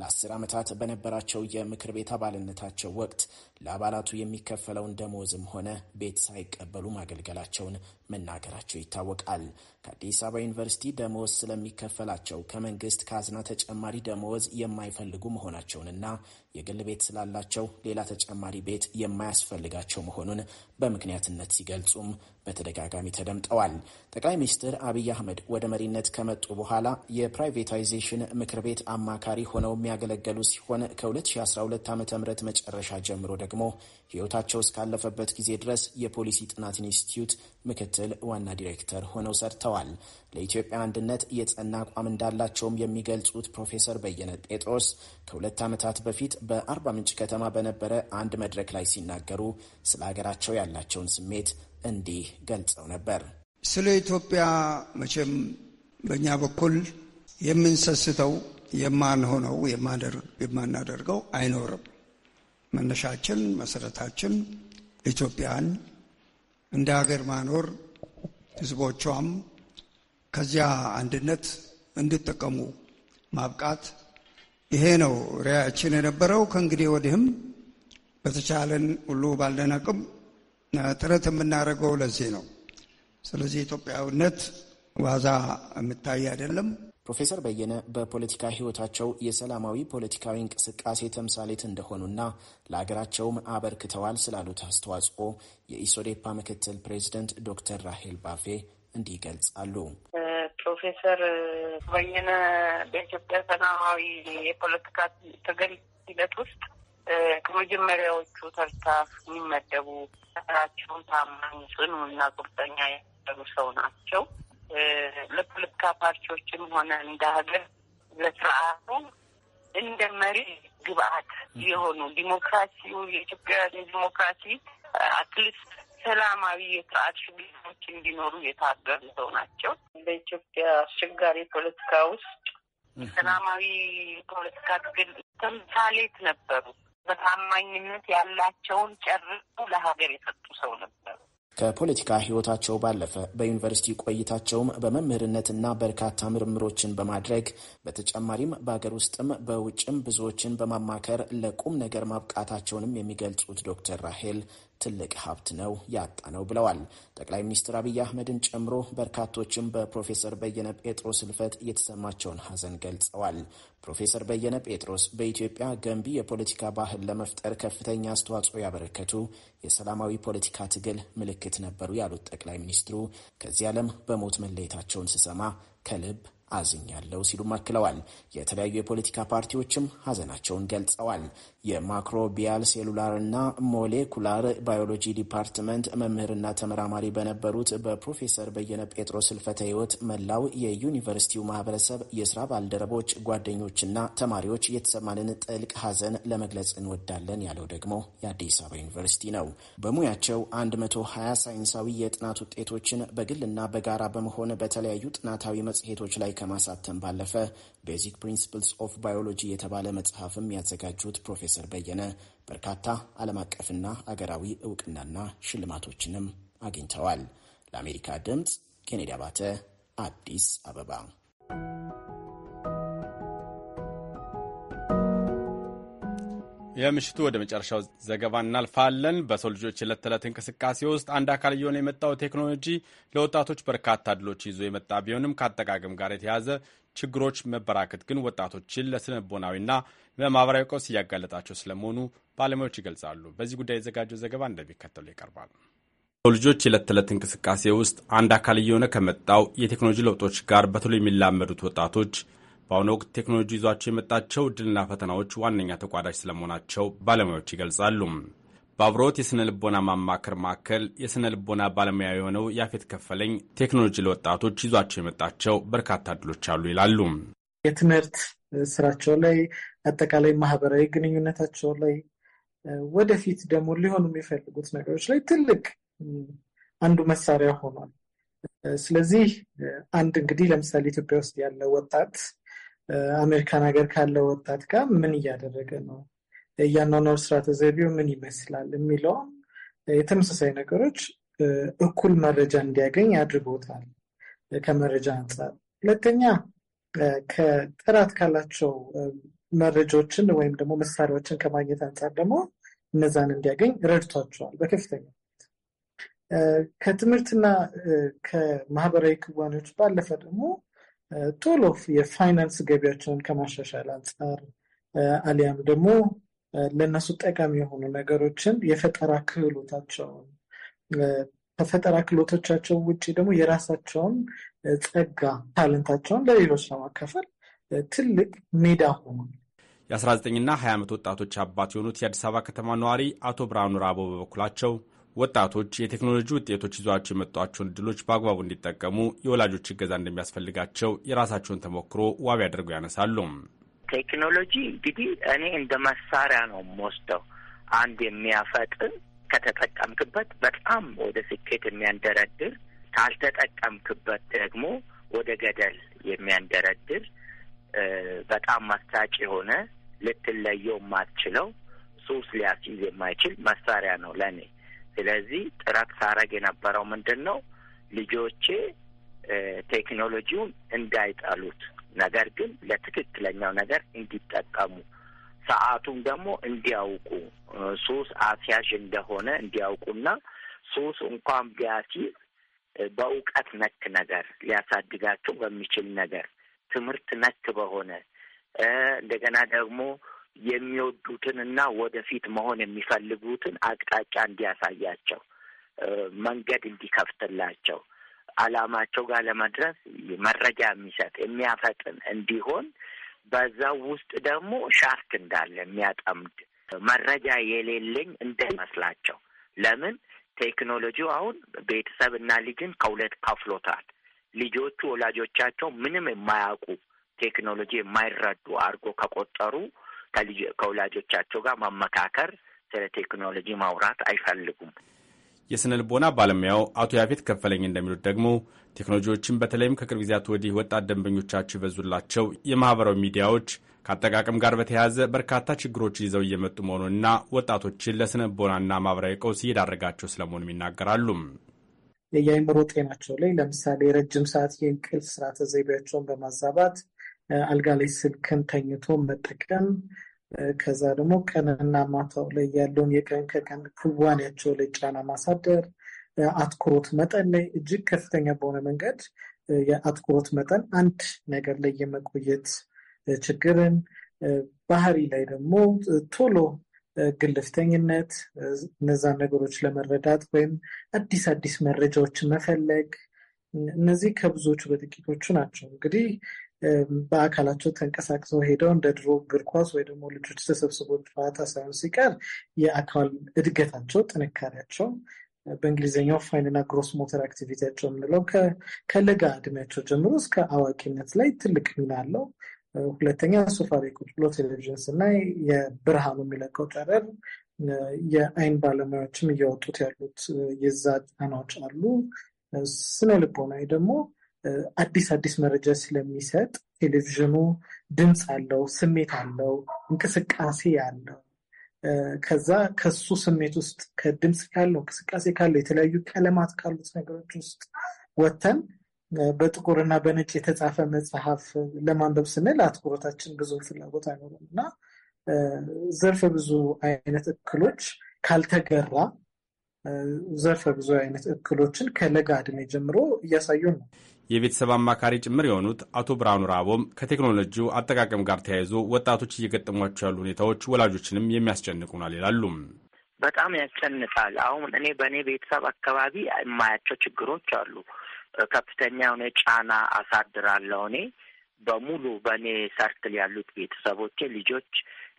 ለአስር ዓመታት በነበራቸው የምክር ቤት አባልነታቸው ወቅት ለአባላቱ የሚከፈለውን ደሞዝም ሆነ ቤት ሳይቀበሉም አገልገላቸውን መናገራቸው ይታወቃል። ከአዲስ አበባ ዩኒቨርሲቲ ደመወዝ ስለሚከፈላቸው ከመንግስት ካዝና ተጨማሪ ደመወዝ የማይፈልጉ መሆናቸውንና የግል ቤት ስላላቸው ሌላ ተጨማሪ ቤት የማያስፈልጋቸው መሆኑን በምክንያትነት ሲገልጹም በተደጋጋሚ ተደምጠዋል። ጠቅላይ ሚኒስትር አብይ አህመድ ወደ መሪነት ከመጡ በኋላ የፕራይቬታይዜሽን ምክር ቤት አማካሪ ሆነው የሚያገለገሉ ሲሆን ከ2012 ዓ ም መጨረሻ ጀምሮ ደግሞ ሕይወታቸው እስካለፈበት ጊዜ ድረስ የፖሊሲ ጥናት ኢንስቲትዩት ምክትል ዋና ዲሬክተር ሆነው ሰርተዋል። ለኢትዮጵያ አንድነት የጸና አቋም እንዳላቸውም የሚገልጹት ፕሮፌሰር በየነ ጴጥሮስ ከሁለት ዓመታት በፊት በአርባ ምንጭ ከተማ በነበረ አንድ መድረክ ላይ ሲናገሩ ስለ ሀገራቸው ያላቸውን ስሜት እንዲህ ገልጸው ነበር። ስለ ኢትዮጵያ መቼም በእኛ በኩል የምንሰስተው የማንሆነው የማናደርገው አይኖርም። መነሻችን መሰረታችን ኢትዮጵያን እንደ ሀገር ማኖር ህዝቦቿም ከዚያ አንድነት እንዲጠቀሙ ማብቃት ይሄ ነው ሪያችን የነበረው። ከእንግዲህ ወዲህም በተቻለን ሁሉ ባለን አቅም ጥረት የምናደርገው ለዚህ ነው። ስለዚህ ኢትዮጵያዊነት ዋዛ የሚታይ አይደለም። ፕሮፌሰር በየነ በፖለቲካ ሕይወታቸው የሰላማዊ ፖለቲካዊ እንቅስቃሴ ተምሳሌት እንደሆኑና ለሀገራቸውም አበርክተዋል ስላሉት አስተዋጽኦ የኢሶዴፓ ምክትል ፕሬዚደንት ዶክተር ራሄል ባፌ እንዲህ ይገልጻሉ። ፕሮፌሰር በየነ በኢትዮጵያ ሰላማዊ የፖለቲካ ትግል ሂደት ውስጥ ከመጀመሪያዎቹ ተርታ የሚመደቡ ስራቸውን ታማኝ፣ ጽኑ እና ቁርጠኛ የነበሩ ሰው ናቸው። ለፖለቲካ ፓርቲዎችም ሆነ እንደ ሀገር ለስርዓቱ እንደ መሪ ግብአት የሆኑ ዲሞክራሲው የኢትዮጵያ ዲሞክራሲ አትሊስት ሰላማዊ የስርዓት ሽግግሮች እንዲኖሩ የታገሉ ሰው ናቸው። በኢትዮጵያ አስቸጋሪ ፖለቲካ ውስጥ ሰላማዊ ፖለቲካ ትግል ተምሳሌት ነበሩ። በታማኝነት ያላቸውን ጨርሶ ለሀገር የሰጡ ሰው ነበሩ። ከፖለቲካ ሕይወታቸው ባለፈ በዩኒቨርሲቲ ቆይታቸውም በመምህርነትና በርካታ ምርምሮችን በማድረግ በተጨማሪም በሀገር ውስጥም በውጭም ብዙዎችን በማማከር ለቁም ነገር ማብቃታቸውንም የሚገልጹት ዶክተር ራሄል ትልቅ ሀብት ነው ያጣ ነው ብለዋል። ጠቅላይ ሚኒስትር አብይ አህመድን ጨምሮ በርካቶችም በፕሮፌሰር በየነ ጴጥሮስ ህልፈት የተሰማቸውን ሀዘን ገልጸዋል። ፕሮፌሰር በየነ ጴጥሮስ በኢትዮጵያ ገንቢ የፖለቲካ ባህል ለመፍጠር ከፍተኛ አስተዋጽኦ ያበረከቱ የሰላማዊ ፖለቲካ ትግል ምልክት ነበሩ ያሉት ጠቅላይ ሚኒስትሩ ከዚህ ዓለም በሞት መለየታቸውን ስሰማ ከልብ አዝኛለሁ ሲሉም አክለዋል። የተለያዩ የፖለቲካ ፓርቲዎችም ሀዘናቸውን ገልጸዋል። የማክሮቢያል ሴሉላርና ሞሌኩላር ባዮሎጂ ዲፓርትመንት መምህርና ተመራማሪ በነበሩት በፕሮፌሰር በየነ ጴጥሮስ ህልፈተ ህይወት መላው የዩኒቨርሲቲው ማህበረሰብ፣ የስራ ባልደረቦች፣ ጓደኞችና ተማሪዎች የተሰማንን ጥልቅ ሀዘን ለመግለጽ እንወዳለን ያለው ደግሞ የአዲስ አበባ ዩኒቨርሲቲ ነው። በሙያቸው 120 ሳይንሳዊ የጥናት ውጤቶችን በግልና በጋራ በመሆን በተለያዩ ጥናታዊ መጽሔቶች ላይ ከማሳተም ባለፈ ቤዚክ ፕሪንስፕልስ ኦፍ ባዮሎጂ የተባለ መጽሐፍም ያዘጋጁት ፕሮፌሰር በየነ በርካታ ዓለም አቀፍና አገራዊ እውቅናና ሽልማቶችንም አግኝተዋል። ለአሜሪካ ድምፅ ኬኔዲ አባተ አዲስ አበባ የምሽቱ ወደ መጨረሻው ዘገባ እናልፋለን። በሰው ልጆች የዕለት ተዕለት እንቅስቃሴ ውስጥ አንድ አካል እየሆነ የመጣው ቴክኖሎጂ ለወጣቶች በርካታ እድሎች ይዞ የመጣ ቢሆንም ከአጠቃቀም ጋር የተያዘ ችግሮች መበራከት ግን ወጣቶችን ለስነቦናዊና ለማህበራዊ ቀውስ እያጋለጣቸው ስለመሆኑ ባለሙያዎች ይገልጻሉ። በዚህ ጉዳይ የተዘጋጀው ዘገባ እንደሚከተሉ ይቀርባል። ሰው ልጆች የዕለት ተዕለት እንቅስቃሴ ውስጥ አንድ አካል እየሆነ ከመጣው የቴክኖሎጂ ለውጦች ጋር በቶሎ የሚላመዱት ወጣቶች በአሁኑ ወቅት ቴክኖሎጂ ይዟቸው የመጣቸው እድልና ፈተናዎች ዋነኛ ተቋዳሽ ስለመሆናቸው ባለሙያዎች ይገልጻሉ። በአብሮት የሥነ ልቦና ማማከር ማዕከል የሥነ ልቦና ባለሙያ የሆነው ያፌት ከፈለኝ ቴክኖሎጂ ለወጣቶች ይዟቸው የመጣቸው በርካታ እድሎች አሉ ይላሉ። የትምህርት ስራቸው ላይ፣ አጠቃላይ ማህበራዊ ግንኙነታቸው ላይ፣ ወደፊት ደግሞ ሊሆኑ የሚፈልጉት ነገሮች ላይ ትልቅ አንዱ መሳሪያ ሆኗል። ስለዚህ አንድ እንግዲህ ለምሳሌ ኢትዮጵያ ውስጥ ያለ ወጣት አሜሪካን ሀገር ካለው ወጣት ጋር ምን እያደረገ ነው፣ የአኗኗር ስርዓተ ዘይቤው ምን ይመስላል የሚለውም የተመሳሳይ ነገሮች እኩል መረጃ እንዲያገኝ አድርጎታል። ከመረጃ አንጻር ሁለተኛ ከጥራት ካላቸው መረጃዎችን ወይም ደግሞ መሳሪያዎችን ከማግኘት አንጻር ደግሞ እነዛን እንዲያገኝ ረድቷቸዋል በከፍተኛ ከትምህርትና ከማህበራዊ ክዋኔዎች ባለፈ ደግሞ ቶሎ የፋይናንስ ገቢያቸውን ከማሻሻል አንጻር አሊያም ደግሞ ለእነሱ ጠቃሚ የሆኑ ነገሮችን የፈጠራ ክህሎታቸውን ከፈጠራ ክህሎቶቻቸው ውጭ ደግሞ የራሳቸውን ጸጋ ታለንታቸውን ለሌሎች ለማካፈል ትልቅ ሜዳ ሆኗል። የ19ና 20 ዓመት ወጣቶች አባት የሆኑት የአዲስ አበባ ከተማ ነዋሪ አቶ ብርሃኑ ራቦ በበኩላቸው ወጣቶች የቴክኖሎጂ ውጤቶች ይዟቸው የመጧቸውን እድሎች በአግባቡ እንዲጠቀሙ የወላጆች እገዛ እንደሚያስፈልጋቸው የራሳቸውን ተሞክሮ ዋቢ አድርገው ያነሳሉ። ቴክኖሎጂ እንግዲህ እኔ እንደ መሳሪያ ነው የምወስደው። አንድ የሚያፈጥን ከተጠቀምክበት በጣም ወደ ስኬት የሚያንደረድር፣ ካልተጠቀምክበት ደግሞ ወደ ገደል የሚያንደረድር በጣም ማስታጭ የሆነ ልትለየው የማትችለው ሱስ ሊያስይዝ የማይችል መሳሪያ ነው ለእኔ ስለዚህ ጥረት ሳረግ የነበረው ምንድን ነው ልጆቼ ቴክኖሎጂውን እንዳይጠሉት፣ ነገር ግን ለትክክለኛው ነገር እንዲጠቀሙ ሰዓቱም ደግሞ እንዲያውቁ ሱስ አስያዥ እንደሆነ እንዲያውቁና ሱስ እንኳን ቢያስይዝ በእውቀት ነክ ነገር ሊያሳድጋቸው በሚችል ነገር ትምህርት ነክ በሆነ እንደገና ደግሞ የሚወዱትንና ወደፊት መሆን የሚፈልጉትን አቅጣጫ እንዲያሳያቸው መንገድ እንዲከፍትላቸው ዓላማቸው ጋር ለመድረስ መረጃ የሚሰጥ የሚያፈጥን እንዲሆን በዛው ውስጥ ደግሞ ሻርክ እንዳለ የሚያጠምድ መረጃ የሌለኝ እንዳይመስላቸው። ለምን ቴክኖሎጂው አሁን ቤተሰብ እና ልጅን ከሁለት ከፍሎታል። ልጆቹ ወላጆቻቸው ምንም የማያውቁ ቴክኖሎጂ የማይረዱ አድርጎ ከቆጠሩ ከወላጆቻቸው ጋር ማመካከር ስለ ቴክኖሎጂ ማውራት አይፈልጉም። የስነ ልቦና ባለሙያው አቶ ያፌት ከፈለኝ እንደሚሉት ደግሞ ቴክኖሎጂዎችን በተለይም ከቅርብ ጊዜያት ወዲህ ወጣት ደንበኞቻቸው ይበዙላቸው የማህበራዊ ሚዲያዎች ከአጠቃቀም ጋር በተያያዘ በርካታ ችግሮችን ይዘው እየመጡ መሆኑንና ወጣቶችን ለስነ ልቦናና ማህበራዊ ቀውስ እየዳረጋቸው ስለመሆኑም ይናገራሉ። የአእምሮ ጤናቸው ላይ ለምሳሌ ረጅም ሰዓት የእንቅልፍ ስርዓተ ዘይቤያቸውን በማዛባት አልጋ ላይ ስልክን ተኝቶ መጠቀም ከዛ ደግሞ ቀንና ማታው ላይ ያለውን የቀን ከቀን ክዋኔያቸው ላይ ጫና ማሳደር፣ አትኩሮት መጠን ላይ እጅግ ከፍተኛ በሆነ መንገድ የአትኩሮት መጠን አንድ ነገር ላይ የመቆየት ችግርን፣ ባህሪ ላይ ደግሞ ቶሎ ግልፍተኝነት፣ እነዛን ነገሮች ለመረዳት ወይም አዲስ አዲስ መረጃዎችን መፈለግ፣ እነዚህ ከብዙዎቹ በጥቂቶቹ ናቸው እንግዲህ በአካላቸው ተንቀሳቅሰው ሄደው እንደ ድሮ እግር ኳስ ወይ ደግሞ ልጆች ተሰብስቦ ጨዋታ ሳይሆን ሲቀር የአካል እድገታቸው ጥንካሬያቸው በእንግሊዝኛው ፋይንና ግሮስ ሞተር አክቲቪቲያቸው የምንለው ከለጋ እድሜያቸው ጀምሮ እስከ አዋቂነት ላይ ትልቅ ሚና አለው። ሁለተኛ ሶፋ ላይ ቁጭ ብሎ ቴሌቪዥን ስናይ የብርሃኑ የሚለቀው ጨረር የአይን ባለሙያዎችም እያወጡት ያሉት የዛ ጫናዎች አሉ። ስነ ልቦናዊ ደግሞ አዲስ አዲስ መረጃ ስለሚሰጥ ቴሌቪዥኑ ድምፅ አለው፣ ስሜት አለው፣ እንቅስቃሴ አለው። ከዛ ከሱ ስሜት ውስጥ ከድምፅ ካለው እንቅስቃሴ ካለው የተለያዩ ቀለማት ካሉት ነገሮች ውስጥ ወጥተን በጥቁርና በነጭ የተጻፈ መጽሐፍ ለማንበብ ስንል አትኩሮታችን ብዙ ፍላጎት አይኖርም እና ዘርፈ ብዙ አይነት እክሎች ካልተገራ ዘርፈ ብዙ አይነት እክሎችን ከለጋ ዕድሜ ጀምሮ እያሳዩን ነው። የቤተሰብ አማካሪ ጭምር የሆኑት አቶ ብርሃኑ ራቦም ከቴክኖሎጂው አጠቃቀም ጋር ተያይዞ ወጣቶች እየገጠሟቸው ያሉ ሁኔታዎች ወላጆችንም የሚያስጨንቁናል ይላሉ። በጣም ያስጨንቃል። አሁን እኔ በእኔ ቤተሰብ አካባቢ የማያቸው ችግሮች አሉ። ከፍተኛ የሆነ ጫና አሳድራለሁ እኔ በሙሉ በእኔ ሰርክል ያሉት ቤተሰቦቼ ልጆች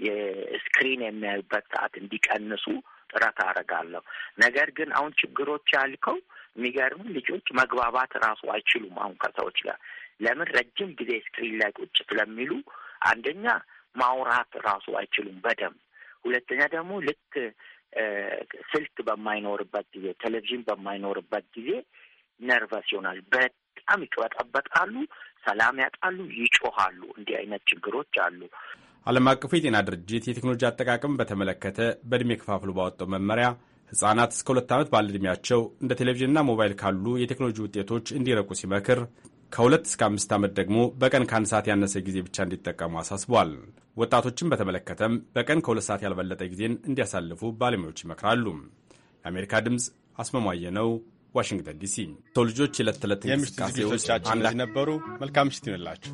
የስክሪን የሚያዩበት ሰዓት እንዲቀንሱ ጥረት አደርጋለሁ። ነገር ግን አሁን ችግሮች ያልከው የሚገርሙ ልጆች መግባባት ራሱ አይችሉም አሁን ከሰዎች ጋር ለምን ረጅም ጊዜ ስክሪን ላይ ቁጭ ስለሚሉ አንደኛ ማውራት ራሱ አይችሉም በደንብ ሁለተኛ ደግሞ ልክ ስልክ በማይኖርበት ጊዜ ቴሌቪዥን በማይኖርበት ጊዜ ነርቨስ ይሆናል በጣም ይቅበጠበጣሉ ሰላም ያጣሉ ይጮሃሉ እንዲህ አይነት ችግሮች አሉ አለም አቀፉ የጤና ድርጅት የቴክኖሎጂ አጠቃቀም በተመለከተ በእድሜ ከፋፍሎ ባወጣው መመሪያ ሕፃናት እስከ ሁለት ዓመት ባለ ዕድሜያቸው እንደ ቴሌቪዥንና ሞባይል ካሉ የቴክኖሎጂ ውጤቶች እንዲረቁ ሲመክር ከሁለት እስከ አምስት ዓመት ደግሞ በቀን ከአንድ ሰዓት ያነሰ ጊዜ ብቻ እንዲጠቀሙ አሳስቧል። ወጣቶችን በተመለከተም በቀን ከሁለት ሰዓት ያልበለጠ ጊዜን እንዲያሳልፉ ባለሙያዎች ይመክራሉ። የአሜሪካ ድምፅ አስመሟየ ነው፣ ዋሽንግተን ዲሲ። ሰው ልጆች የዕለት ተዕለት እንቅስቃሴ ውስጥ ነበሩ። መልካም ምሽት ይሆንላችሁ።